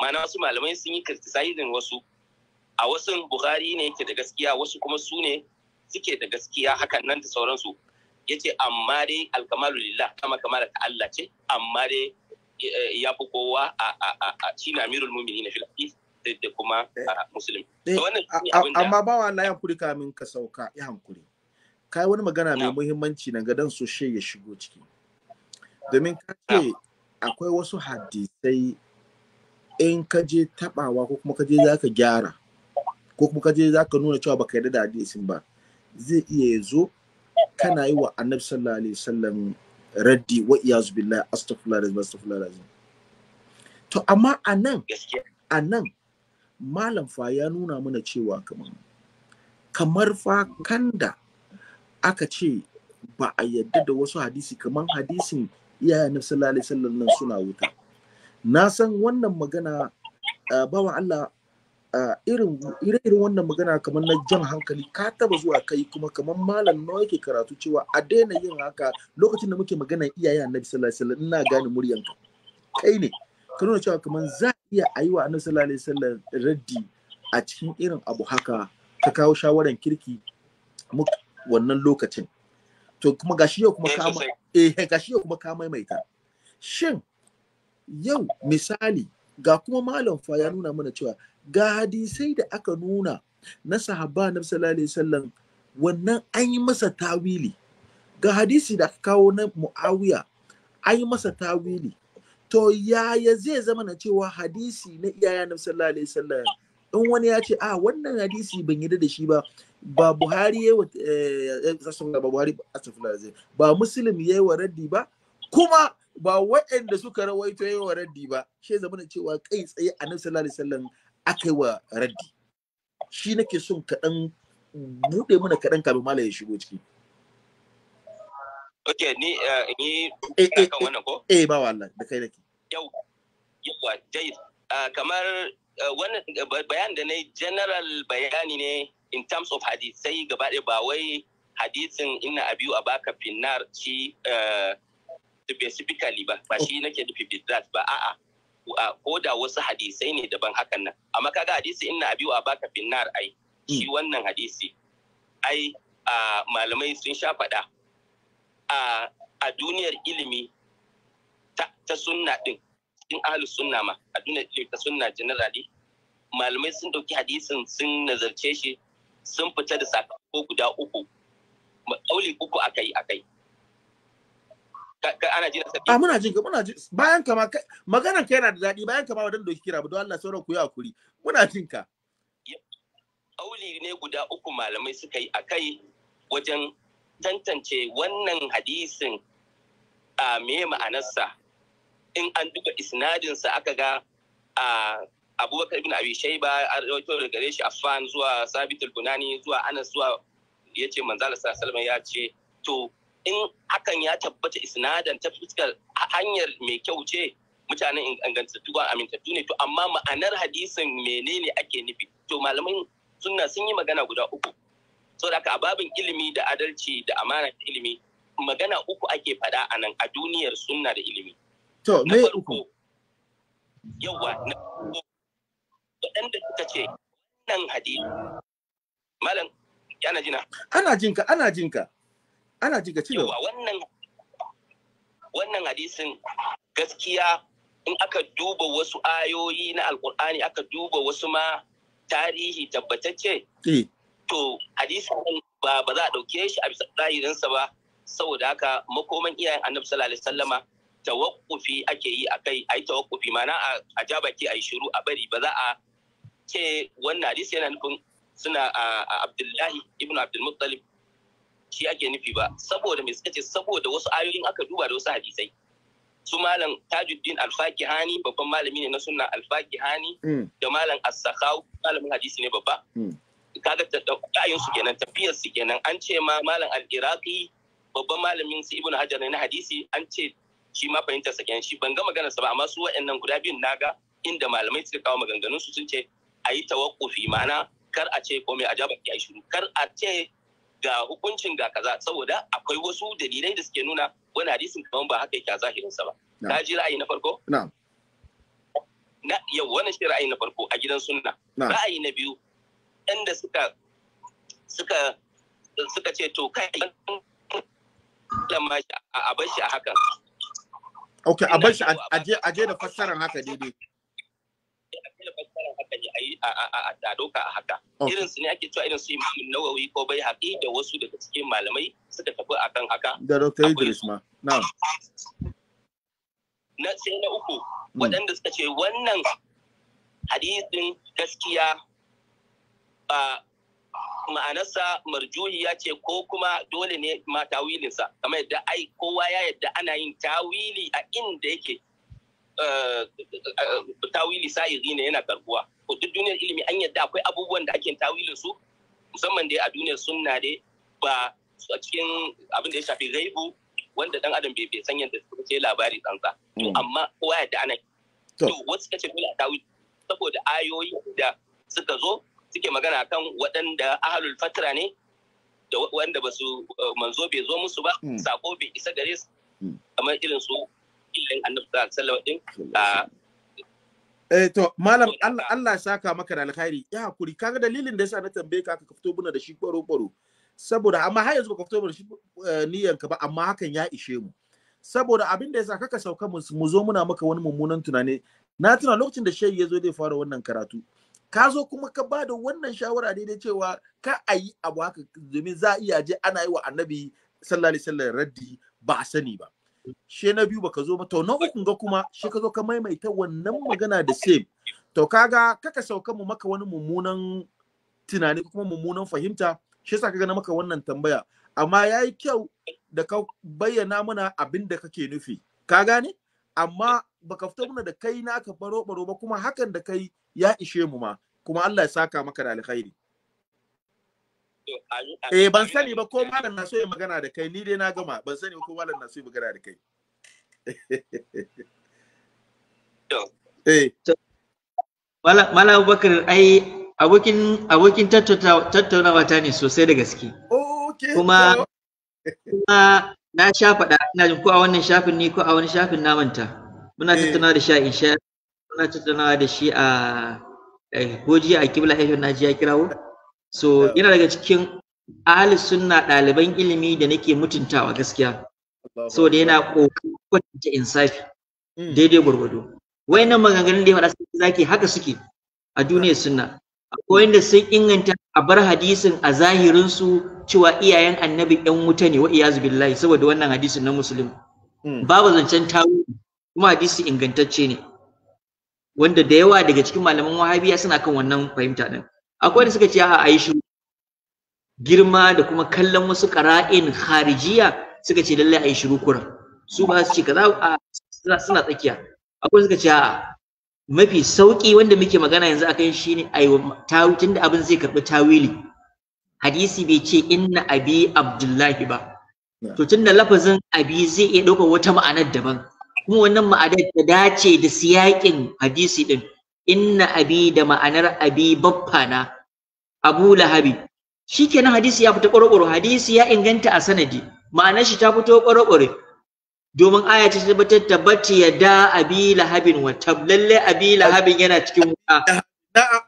Speaker 3: mana wasu malamai sun yi criticizing wasu a wasu bukhari ne yake da gaskiya wasu kuma su ne suke da gaskiya hakan nan da sauransu yace amma dai alkamalu lillah kama kamala ta Allah ce amma dai eh, ya fi kowa a na amirul mumini na filafi da kuma musulmi eh, amma
Speaker 1: ba wa Allah ya hankuri kamin ka sauka ya hankuri kai wani magana mai muhimmanci na gadon so she ya shigo ciki domin ka akwai wasu hadisai in ka je tabawa ko kuma ka je za ka gyara ko kuma ka je za ka nuna cewa baka yarda da hadisin ba zai iya zo kana yi wa annabi sallallahu alaihi wasallam raddi wa iyazu billahi astaghfirullah lazim astaghfirullah to amma anan anan malam fa ya nuna mana cewa kaman kamar fa kanda aka ce ba a yadda da wasu hadisi kamar hadisin iyayen annabi sallallahu alaihi wasallam nan suna wuta na san wannan magana eh, bawa Allah irin irin wannan magana kamar na jan hankali ka taba zuwa kai kuma kamar malam nawa yake karatu cewa a daina yin haka lokacin da muke magana iyaye annabi sallallahu alaihi wasallam ina gane muryanka kai ne ka nuna cewa kamar za iya a yi wa annabi sallallahu alaihi wasallam raddi a cikin irin abu haka ka kawo shawaran kirki wannan lokacin to kuma gashi yau kuma ka eh gashi yau kuma ka maimaita shin yau misali ga kuma malam fa ya nuna mana cewa ga hadisai da aka nuna na sahaba na sallallahu alaihi wannan an yi masa tawili ga hadisi da aka kawo na muawiya an yi masa tawili to yaya zai zama na cewa hadisi na iyaya na sallallahu alaihi wasallam in wani ya ce ah wannan hadisi ban yi da shi ba ba buhari ya eh, eh, ba buhari ba muslim ya wa raddi ba kuma ba waɗanda suka rawaito ya wa raddi ba shi zama na cewa kai tsaye a nan sallallahu alaihi wasallam aka yi wa raddi shi nake son kaɗan bude mana kaɗan kafin malam ya shigo ciki
Speaker 3: ok ni eh, ni eh, eh, kan wannan ko eh ba wallahi da kai nake yau yawa jai ah, kamar wannan bayan da na general bayani ne in terms of hadisai gaba ɗaya ba wai hadisin ina abiyu a baka finnar shi specifically ba ba shi oh. nake nufi bidat ba a'a ko da wasu hadisai ne daban hakan nan amma kaga hadisi inna wa baka finnar ai shi hmm. wannan hadisi ai malamai sun sha faɗa a duniyar ilimi ta sunna din in ahli sunna ma a duniyar ilimi ta sunna generally malamai sun ɗauki hadisin sun nazarce shi sun fita da sakamako guda uku kauli uku akai akai ana jin sa
Speaker 1: a ah, muna jin ka muna jin bayan ka ma maganar ka yana da daɗi bayan ka ma wadan doki kira ba don Allah sauran ku yi hakuri muna jin ka
Speaker 3: Auli ne guda uku malamai suka yi a kai wajen tantance wannan hadisin a me ma'anarsa in an duba isnadinsa aka ga a abubakar bin abi Shayba a rawaito daga gare shi affan zuwa Sabitul bunani zuwa anas zuwa yace manzala sallallahu ya ce to in hakan ya tabbata isnadan ta fuskar hanyar mai kyau ce mutanen ingantattu ba amintattu ne to amma ma'anar hadisin menene ake nufi to malamin sunna sun yi magana guda uku sau da a babin ilimi da adalci da amana da ilimi magana uku ake faɗa a nan a duniyar sunna da ilimi to me uku yawa na waɗanda suka ce nan hadisi malam yana jina
Speaker 1: ana jinka ana jinka ana ji ci cewa
Speaker 3: wannan wannan hadisin gaskiya in aka duba wasu ayoyi na alkur'ani aka duba wasu ma tarihi tabbatacce eh. to hadisin ba ba za a ɗauke shi a bisa ɗahirinsa ba saboda haka makoman iyayen annabi sallallahu alaihi wasallama tawakkufi ake yi akai ai tawakkufi mana a ja ke ai shiru a bari ba za a ce wannan hadisi yana nufin suna Abdullahi Ibnu Abdul Muttalib shi ake nufi ba saboda me suka ce saboda wasu ayoyin aka duba da wasu hadisai su malam tajuddin alfakihani babban malami ne na sunna alfakihani hmm. da malam as-sakhaw malamin hadisi ne babba hmm. kaga tattayin su kenan tafiyar su kenan an ce ma malam al-iraqi babban malamin su ibnu hajar ne na hadisi an ce shi ma fahimtar sa kenan shi ban ga magana sa ba amma su wa'annan guda biyun naga inda malamai suka kawo maganganun su sun ce ayi tawakkufi ma'ana kar a ce komai a jaba ki shiru kar a ce ga hukuncin ga kaza saboda akwai wasu dalilai da suke nuna wani hadisin kamar ba haka yake a zahirinsa ba na ji ra'ayi na farko na yau wannan shi ra'ayi na farko a gidan sunna ra'ayi na biyu ɗan da suka suka suka ce to kai lama a bar shi a hakan
Speaker 1: ok a bar shi a je da fassarar haka daidai
Speaker 3: a doka a haka irin su ne ake cewa irin su imamin nawawi ko bai haƙi da wasu daga cikin malamai suka tafi akan haka
Speaker 1: da dr idris ma na
Speaker 3: na sai na uku hmm. waɗanda suka ce wannan hadisin gaskiya ba ma'anarsa marjuhiya ce ko kuma dole ne ma tawilinsa kamar yadda ai kowa ya yadda ana yin tawili a inda yake tawili sa'iri ne yana karbuwa ko duk duniyar ilimi an yadda akwai abubuwan da ake tawilin su musamman dai a duniyar sunna dai ba a cikin abin da ya shafi gaibu wanda dan adam bai san yadda suka ce labari tsantsa to mm. amma kowa yadda ana to wasu kace dole a tawili saboda ayoyi da suka zo suke magana kan waɗanda ahalul fatra ne da wanda ba manzo bai zo musu ba mm. sako bai isa gare su mm. kamar irin su
Speaker 1: Eh to malam Allah Allah saka maka da alkhairi ya hakuri kaga dalilin da yasa na tambaye ka ka fito buna da shi kwaro kwaro saboda amma har yanzu baka fito buna da shi eh, niyan ka ba amma hakan ya ishe mu saboda abin da yasa kaka sauka mu zo muna maka wani mummunan tunani na tuna lokacin da shehi ya zo zai fara wannan karatu ka zo kuma ka ba da wannan shawara daidai cewa ka a yi abu haka domin za a iya je ana yi wa annabi sallallahu alaihi wasallam raddi ba a sani ba she na biyu baka zo ba to na uku ga kuma shi ka zo ka maimaita wannan magana da same to kaga kaka sauka mu maka wani mummunan tunani kuma mummunan fahimta shi yasa kaga na maka wannan tambaya amma yayi kyau da ka bayyana mana abin da kake nufi ka gane amma baka fita mana da kai na naka baro baro ba kuma hakan da kai ya ishe mu ma kuma Allah ya saka maka da alkhairi Eh ban sani ba ko malam na so ya magana da kai ni dai na gama ban sani ba ko malam na so ya magana da kai. Eh. Malam
Speaker 2: Abubakar ai abokin abokin tattaunawa ta ne sosai da gaske. Kuma kuma na sha faɗa ina jin ko a wannan shafin ni ko a wani shafin namanta, eh. Muna tattaunawa da shi a insha eh, muna tattaunawa da shi a hoji a kibla FM na ji ya kirawo. so yana daga cikin ahli sunna ɗaliban ilimi da nake mutuntawa gaskiya so da yana kokarin ta insafi mm. daidai gwargwado wayannan maganganun da ya faɗa zaki haka suke a duniyar sunna akwai wanda sun inganta a bar hadisin a zahirin su cewa iyayen annabi 'yan wuta ne wa iyazu billahi saboda wannan hadisin na muslim mm. babu zancen tawo kuma hadisi ingantacce ne wanda da yawa daga cikin malaman wahabiya suna kan wannan fahimta din akwai da suka ce a girma da kuma kallon wasu ƙara'in harijiya suka ce lalle ayi shiru kuran su ba su ce a suna tsakiya akwai suka ce a mafi sauki wanda muke magana yanzu akan shine ayi tawutin da abin zai karɓi tawili hadisi bai ce inna abi abdullahi ba to tunda lafazin abi zai iya ɗaukar wata ma'anar daban kuma wannan ma'anar ta dace da siyaƙin hadisi din inna abi da ma'anar abi baffana abu lahabi shikenan hadisi ya fita ƙwarƙwaro hadisi ya inganta a sanadi ma'anar shi ta fito ƙwarƙwaro domin aya ta tabbatar tabbati ya da abi lahabin wa tablalle abi lahabin yana cikin wuta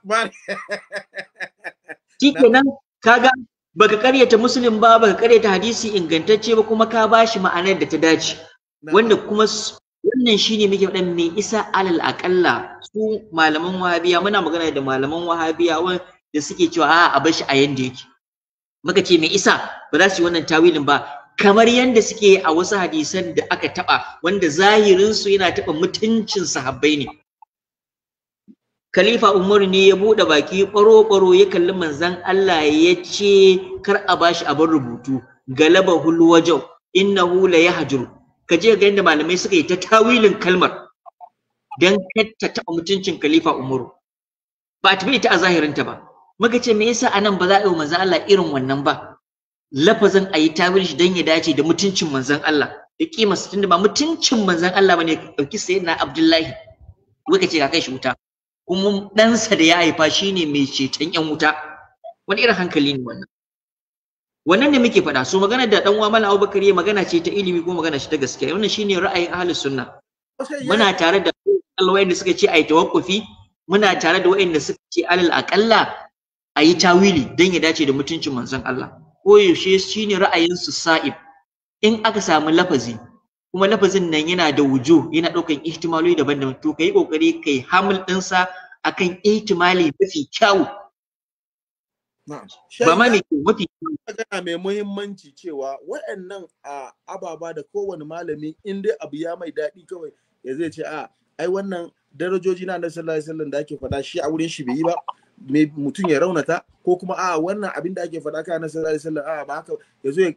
Speaker 2: shikenan kaga baka karyata muslim ba baka karyata hadisi ingantacce ba kuma ka bashi ma'anar da ta dace wanda kuma wannan shine muke faɗa. me isa alal aƙalla su malaman wahabiya muna magana da malaman wahabiya da suke cewa a a bar a yanda yake muka ce me isa ba za su yi wannan tawilin ba kamar yanda suke a wasu hadisan da aka taɓa wanda zahirin su yana taɓa mutuncin sahabbai ne Khalifa Umaru ne ya buɗe baki ɓaro-ɓaro ya kalli manzan Allah ya ce kar a bashi abin rubutu galaba hulwajau innahu la yahjur ka je ga yadda malamai suka yi ta tawilin kalmar don ta taɓa mutuncin khalifa umaru ba a tafi ita a zahirinta ba muka ce me yasa anan ba za a yi manzon Allah irin wannan ba lafazin a yi tawil shi don ya dace da mutuncin manzon Allah da kima su tunda ba mutuncin manzon Allah bane ka dauki sayyidina Abdullahi muka ce ka kai shi wuta kuma ɗansa da ya haifa shine mai ceton yan wuta wani irin hankali ne wannan wannan ne muke faɗa su magana da dan uwa Abubakar ya magana ce ta ilimi kuma magana ce ta gaskiya wannan shine ra'ayin ahlus sunna muna tare da alwayin da suka ce ai tawakkufi muna tare da wayanda suka ce alal aqalla ayi tawili dan ya dace da mutuncin manzon Allah ko yaushe shine ra'ayin su sa'ib in aka samu lafazi kuma lafazin nan yana da wujo yana ɗaukan ihtimaloli daban-daban to kai kokari kai hamul ɗinsa akan ihtimali mafi kyau.
Speaker 1: ba ma mai mafi magana mai muhimmanci cewa waɗannan a ababa da kowane malami in dai abu ya mai daɗi kawai ya zai ce a ai wannan darajoji na annabi sallallahu alaihi wasallam da ake faɗa shi a wurin shi bai yi ba mutum ya raunata ko kuma a wannan abin da ake faɗa kai na sallallahu alaihi wasallam a ba haka yazo ya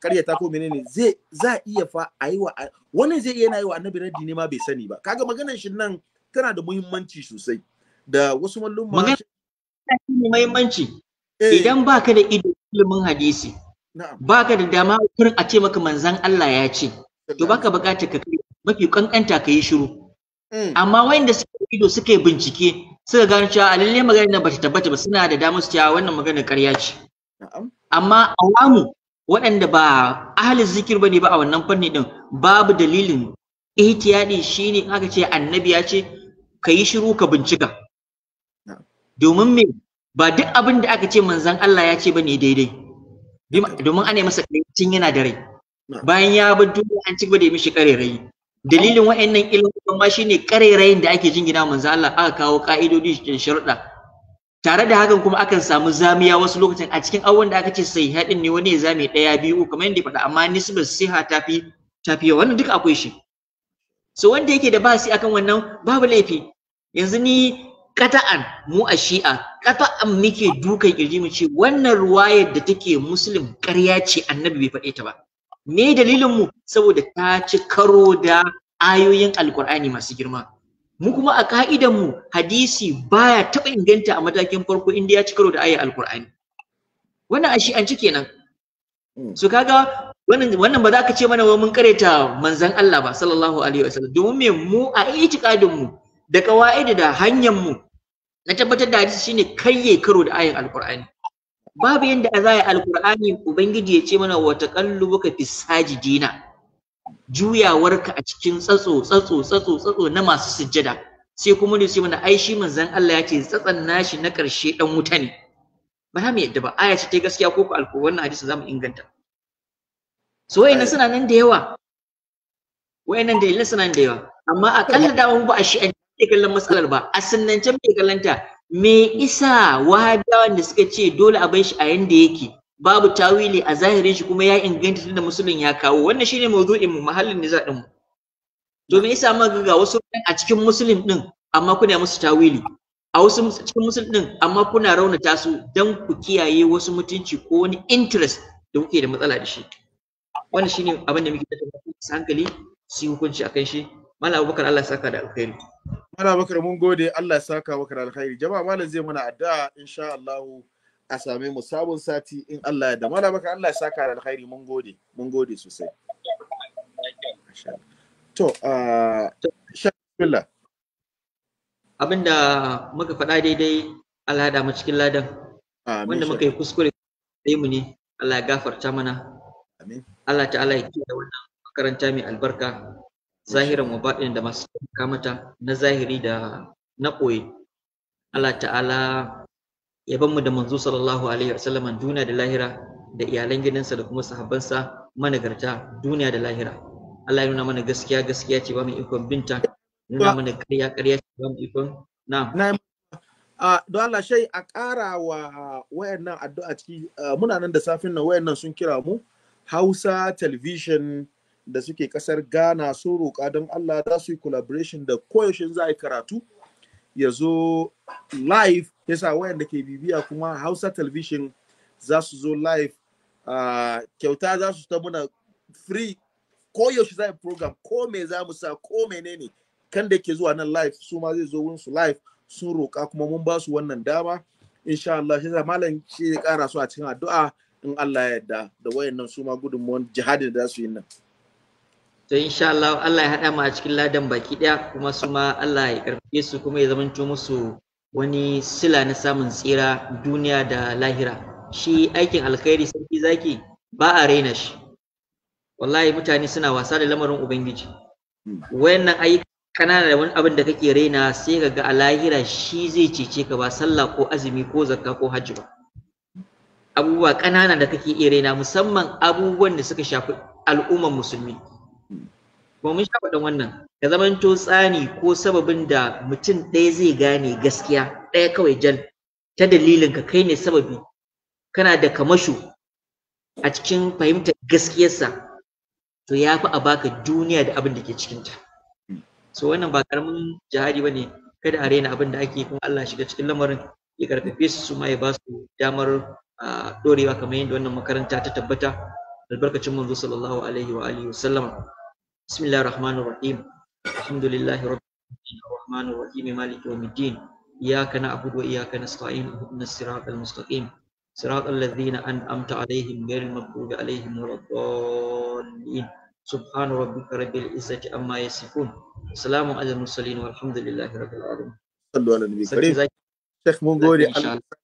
Speaker 1: karyata ko menene zai za iya fa ayi wa wannan zai iya yi wa annabi raddi ne ma bai sani ba kaga maganar shi nan tana da muhimmanci sosai da wasu mallum ma muhimmanci Eh. idan baka da ido ilimin hadisi
Speaker 2: baka da dama kurin a ce maka manzan Allah ya ce to baka bukatar ka kai mafi kankanta ka yi shiru hmm. amma wayanda suka ido suka yi bincike suka gano cewa a lalle magana nan bata tabbata ba suna da dama su cewa wannan magana ƙarya ce amma awamu waɗanda ba ahli zikir bane ba a wannan fanni din babu dalilin ihtiyadi shine aka ce annabi ya ce ka yi shiru ka bincika domin me ba duk abin da aka ce manzan Allah ya ce ne daidai domin ana masa yana da rai bayan ya bar duniya an ci da da mishi karerayi dalilin wa'annan ilimin ma shine karerayin da ake jingina manzan Allah aka kawo ka'idodi da sharuɗa tare da hakan kuma akan samu zamiya wasu lokacin a cikin awon da aka ce sai haɗin ne wani ya zame ɗaya biyu kamar yadda faɗa amma nisbar siha ta fi ta wannan duk akwai shi so wanda yake da basi akan wannan babu laifi yanzu ni kata'an mu a shi'a kata'an muke dukan kirji mu ce wannan ruwayar da take muslim ƙarya ce annabi bai faɗe ta ba me dalilin mu saboda ta ci karo da ayoyin alkur'ani masu girma mu kuma a ka'idan mu hadisi baya taɓa inganta a matakin farko inda ya ci karo da ayoyin alkur'ani wannan a shi'anci kenan so kaga wannan wannan ba za ka ce mana wai mun kareta manzon Allah ba sallallahu alaihi wasallam domin me mu a itikadin mu da kawaida da hanyar mu na tabbatar da hadisi shine karye karo da ayin alqur'ani babu yanda za a yi alqur'ani ubangiji ya ce mana wa taqallubuka fi sajidina juyawarka a cikin tsatso tsatso tsatso tsatso na masu sujjada sai kuma ne sai mana ai shi manzon Allah ya ce tsatsan nashi na karshe dan wuta ne ba za mu yadda ba aya ce ta gaskiya ko alko wannan hadisi zamu inganta so wayannan suna nan da yawa da dalilan suna nan da yawa amma akalla da mu ba a shi'an ke kallon matsalar ba a sunnance muke kallon ta me isa wahabiyawan da suka ce dole a bar shi a yanda yake babu tawili a zahirin shi kuma ya inganta tunda musulun ya kawo wannan shine mawdu'in mu mahallin niza din mu to me yasa ga wasu a cikin musulun din amma kuna musu tawili a wasu cikin musulun din amma kuna raunata su dan ku kiyaye wasu mutunci ko wani interest da kuke da matsala da shi wannan shine abin da muke da hankali su hukunci akan shi Malam Abubakar Allah saka da alkhairi
Speaker 1: mana bakar mun gode Allah ya saka maka da alkhairi. Jama'a malam zai mana addu'a insha Allah a same mu sabon sati in Allah ya da. Mana bakar Allah ya saka da alkhairi mun gode. Mun gode sosai. To,
Speaker 2: uh, bismillah. Abinda muka faɗa daidai Allah da mu cikin ladan. Wanda muka yi kuskure sai mu ne Allah ya gafarta mana. Amin. Allah ta'ala ya kiyaye wannan makaranta mai albarka. zahiran wa da masu kamata na zahiri da na ɓoye Allah ta'ala ya mu da manzo sallallahu alaihi wasallam duniya da lahira da iyalan gidansa da kuma sahabbansa managarta duniya da lahira Allah ya nuna mana gaskiya gaskiya ce ba mu ikon binta nuna mana ƙarya ƙarya ce ba mu ikon na
Speaker 1: a don Allah shai a ƙara wa wayannan addu'a ciki muna nan da safin nan wayannan sun kira mu Hausa Television da suke kasar ghana sun roƙa don allah za su yi collaboration da koyaushe za a yi karatu ya zo live yasa da ke bibiya kuma hausa television za su zo live uh, kyauta za su ta muna free za a yi program ko me za mu sa ko menene kan da ke zuwa nan live su ma zai zo wurin su live sun roƙa kuma mun ba su wannan dama insha Allah shi malam shi ya kara su a cikin addu'a in Allah ya yarda da wayannan su ma gudunmuwan jihadin da za su yi nan
Speaker 2: to insha Allah Allah ya haɗa mu a cikin ladan baki ɗaya kuma su ma Allah ya karfafe su kuma ya zamanto musu wani sila na samun tsira duniya da lahira shi aikin alkhairi sarki zaki ba a raina shi wallahi mutane suna wasa da lamarin ubangiji wayannan ayyuka kanana da wani abin da kake raina sai ka ga a lahira shi zai cece ka ba sallah ko azumi ko zakka ko hajji ba abubuwa kanana da kake iya raina musamman abubuwan da suka shafi al'umman musulmi ba mun sha faɗin wannan ya zama to tsani ko sababin da mutum ɗaya zai gane gaskiya ɗaya kawai jan ta dalilin ka kai ne sababi kana da kamashu a cikin fahimtar gaskiyarsa to ya fi a baka duniya da abin da ke cikinta so wannan ba karamin jihadi ba ne kada a raina abin da ake kuma Allah shiga cikin lamarin ya karfafe su su ma ya ba su damar ɗorewa kamar yadda wannan makaranta ta tabbata albarkacin manzo sallallahu alaihi wa alihi wa sallama Bismillahirrahmanirrahim. Alhamdulillahirrahmanirrahim. Maliki umidin. Iyaka na'budu wa iyaka nasta'in. Ihdina siratal mustaqim. Siratal ladzina an'amta 'alaihim ghairil maghdubi 'alaihim waladdallin. Subhana rabbika rabbil izzati amma yasifun. Assalamu alal mursalin walhamdulillahi rabbil alamin.
Speaker 3: Sallu
Speaker 4: ala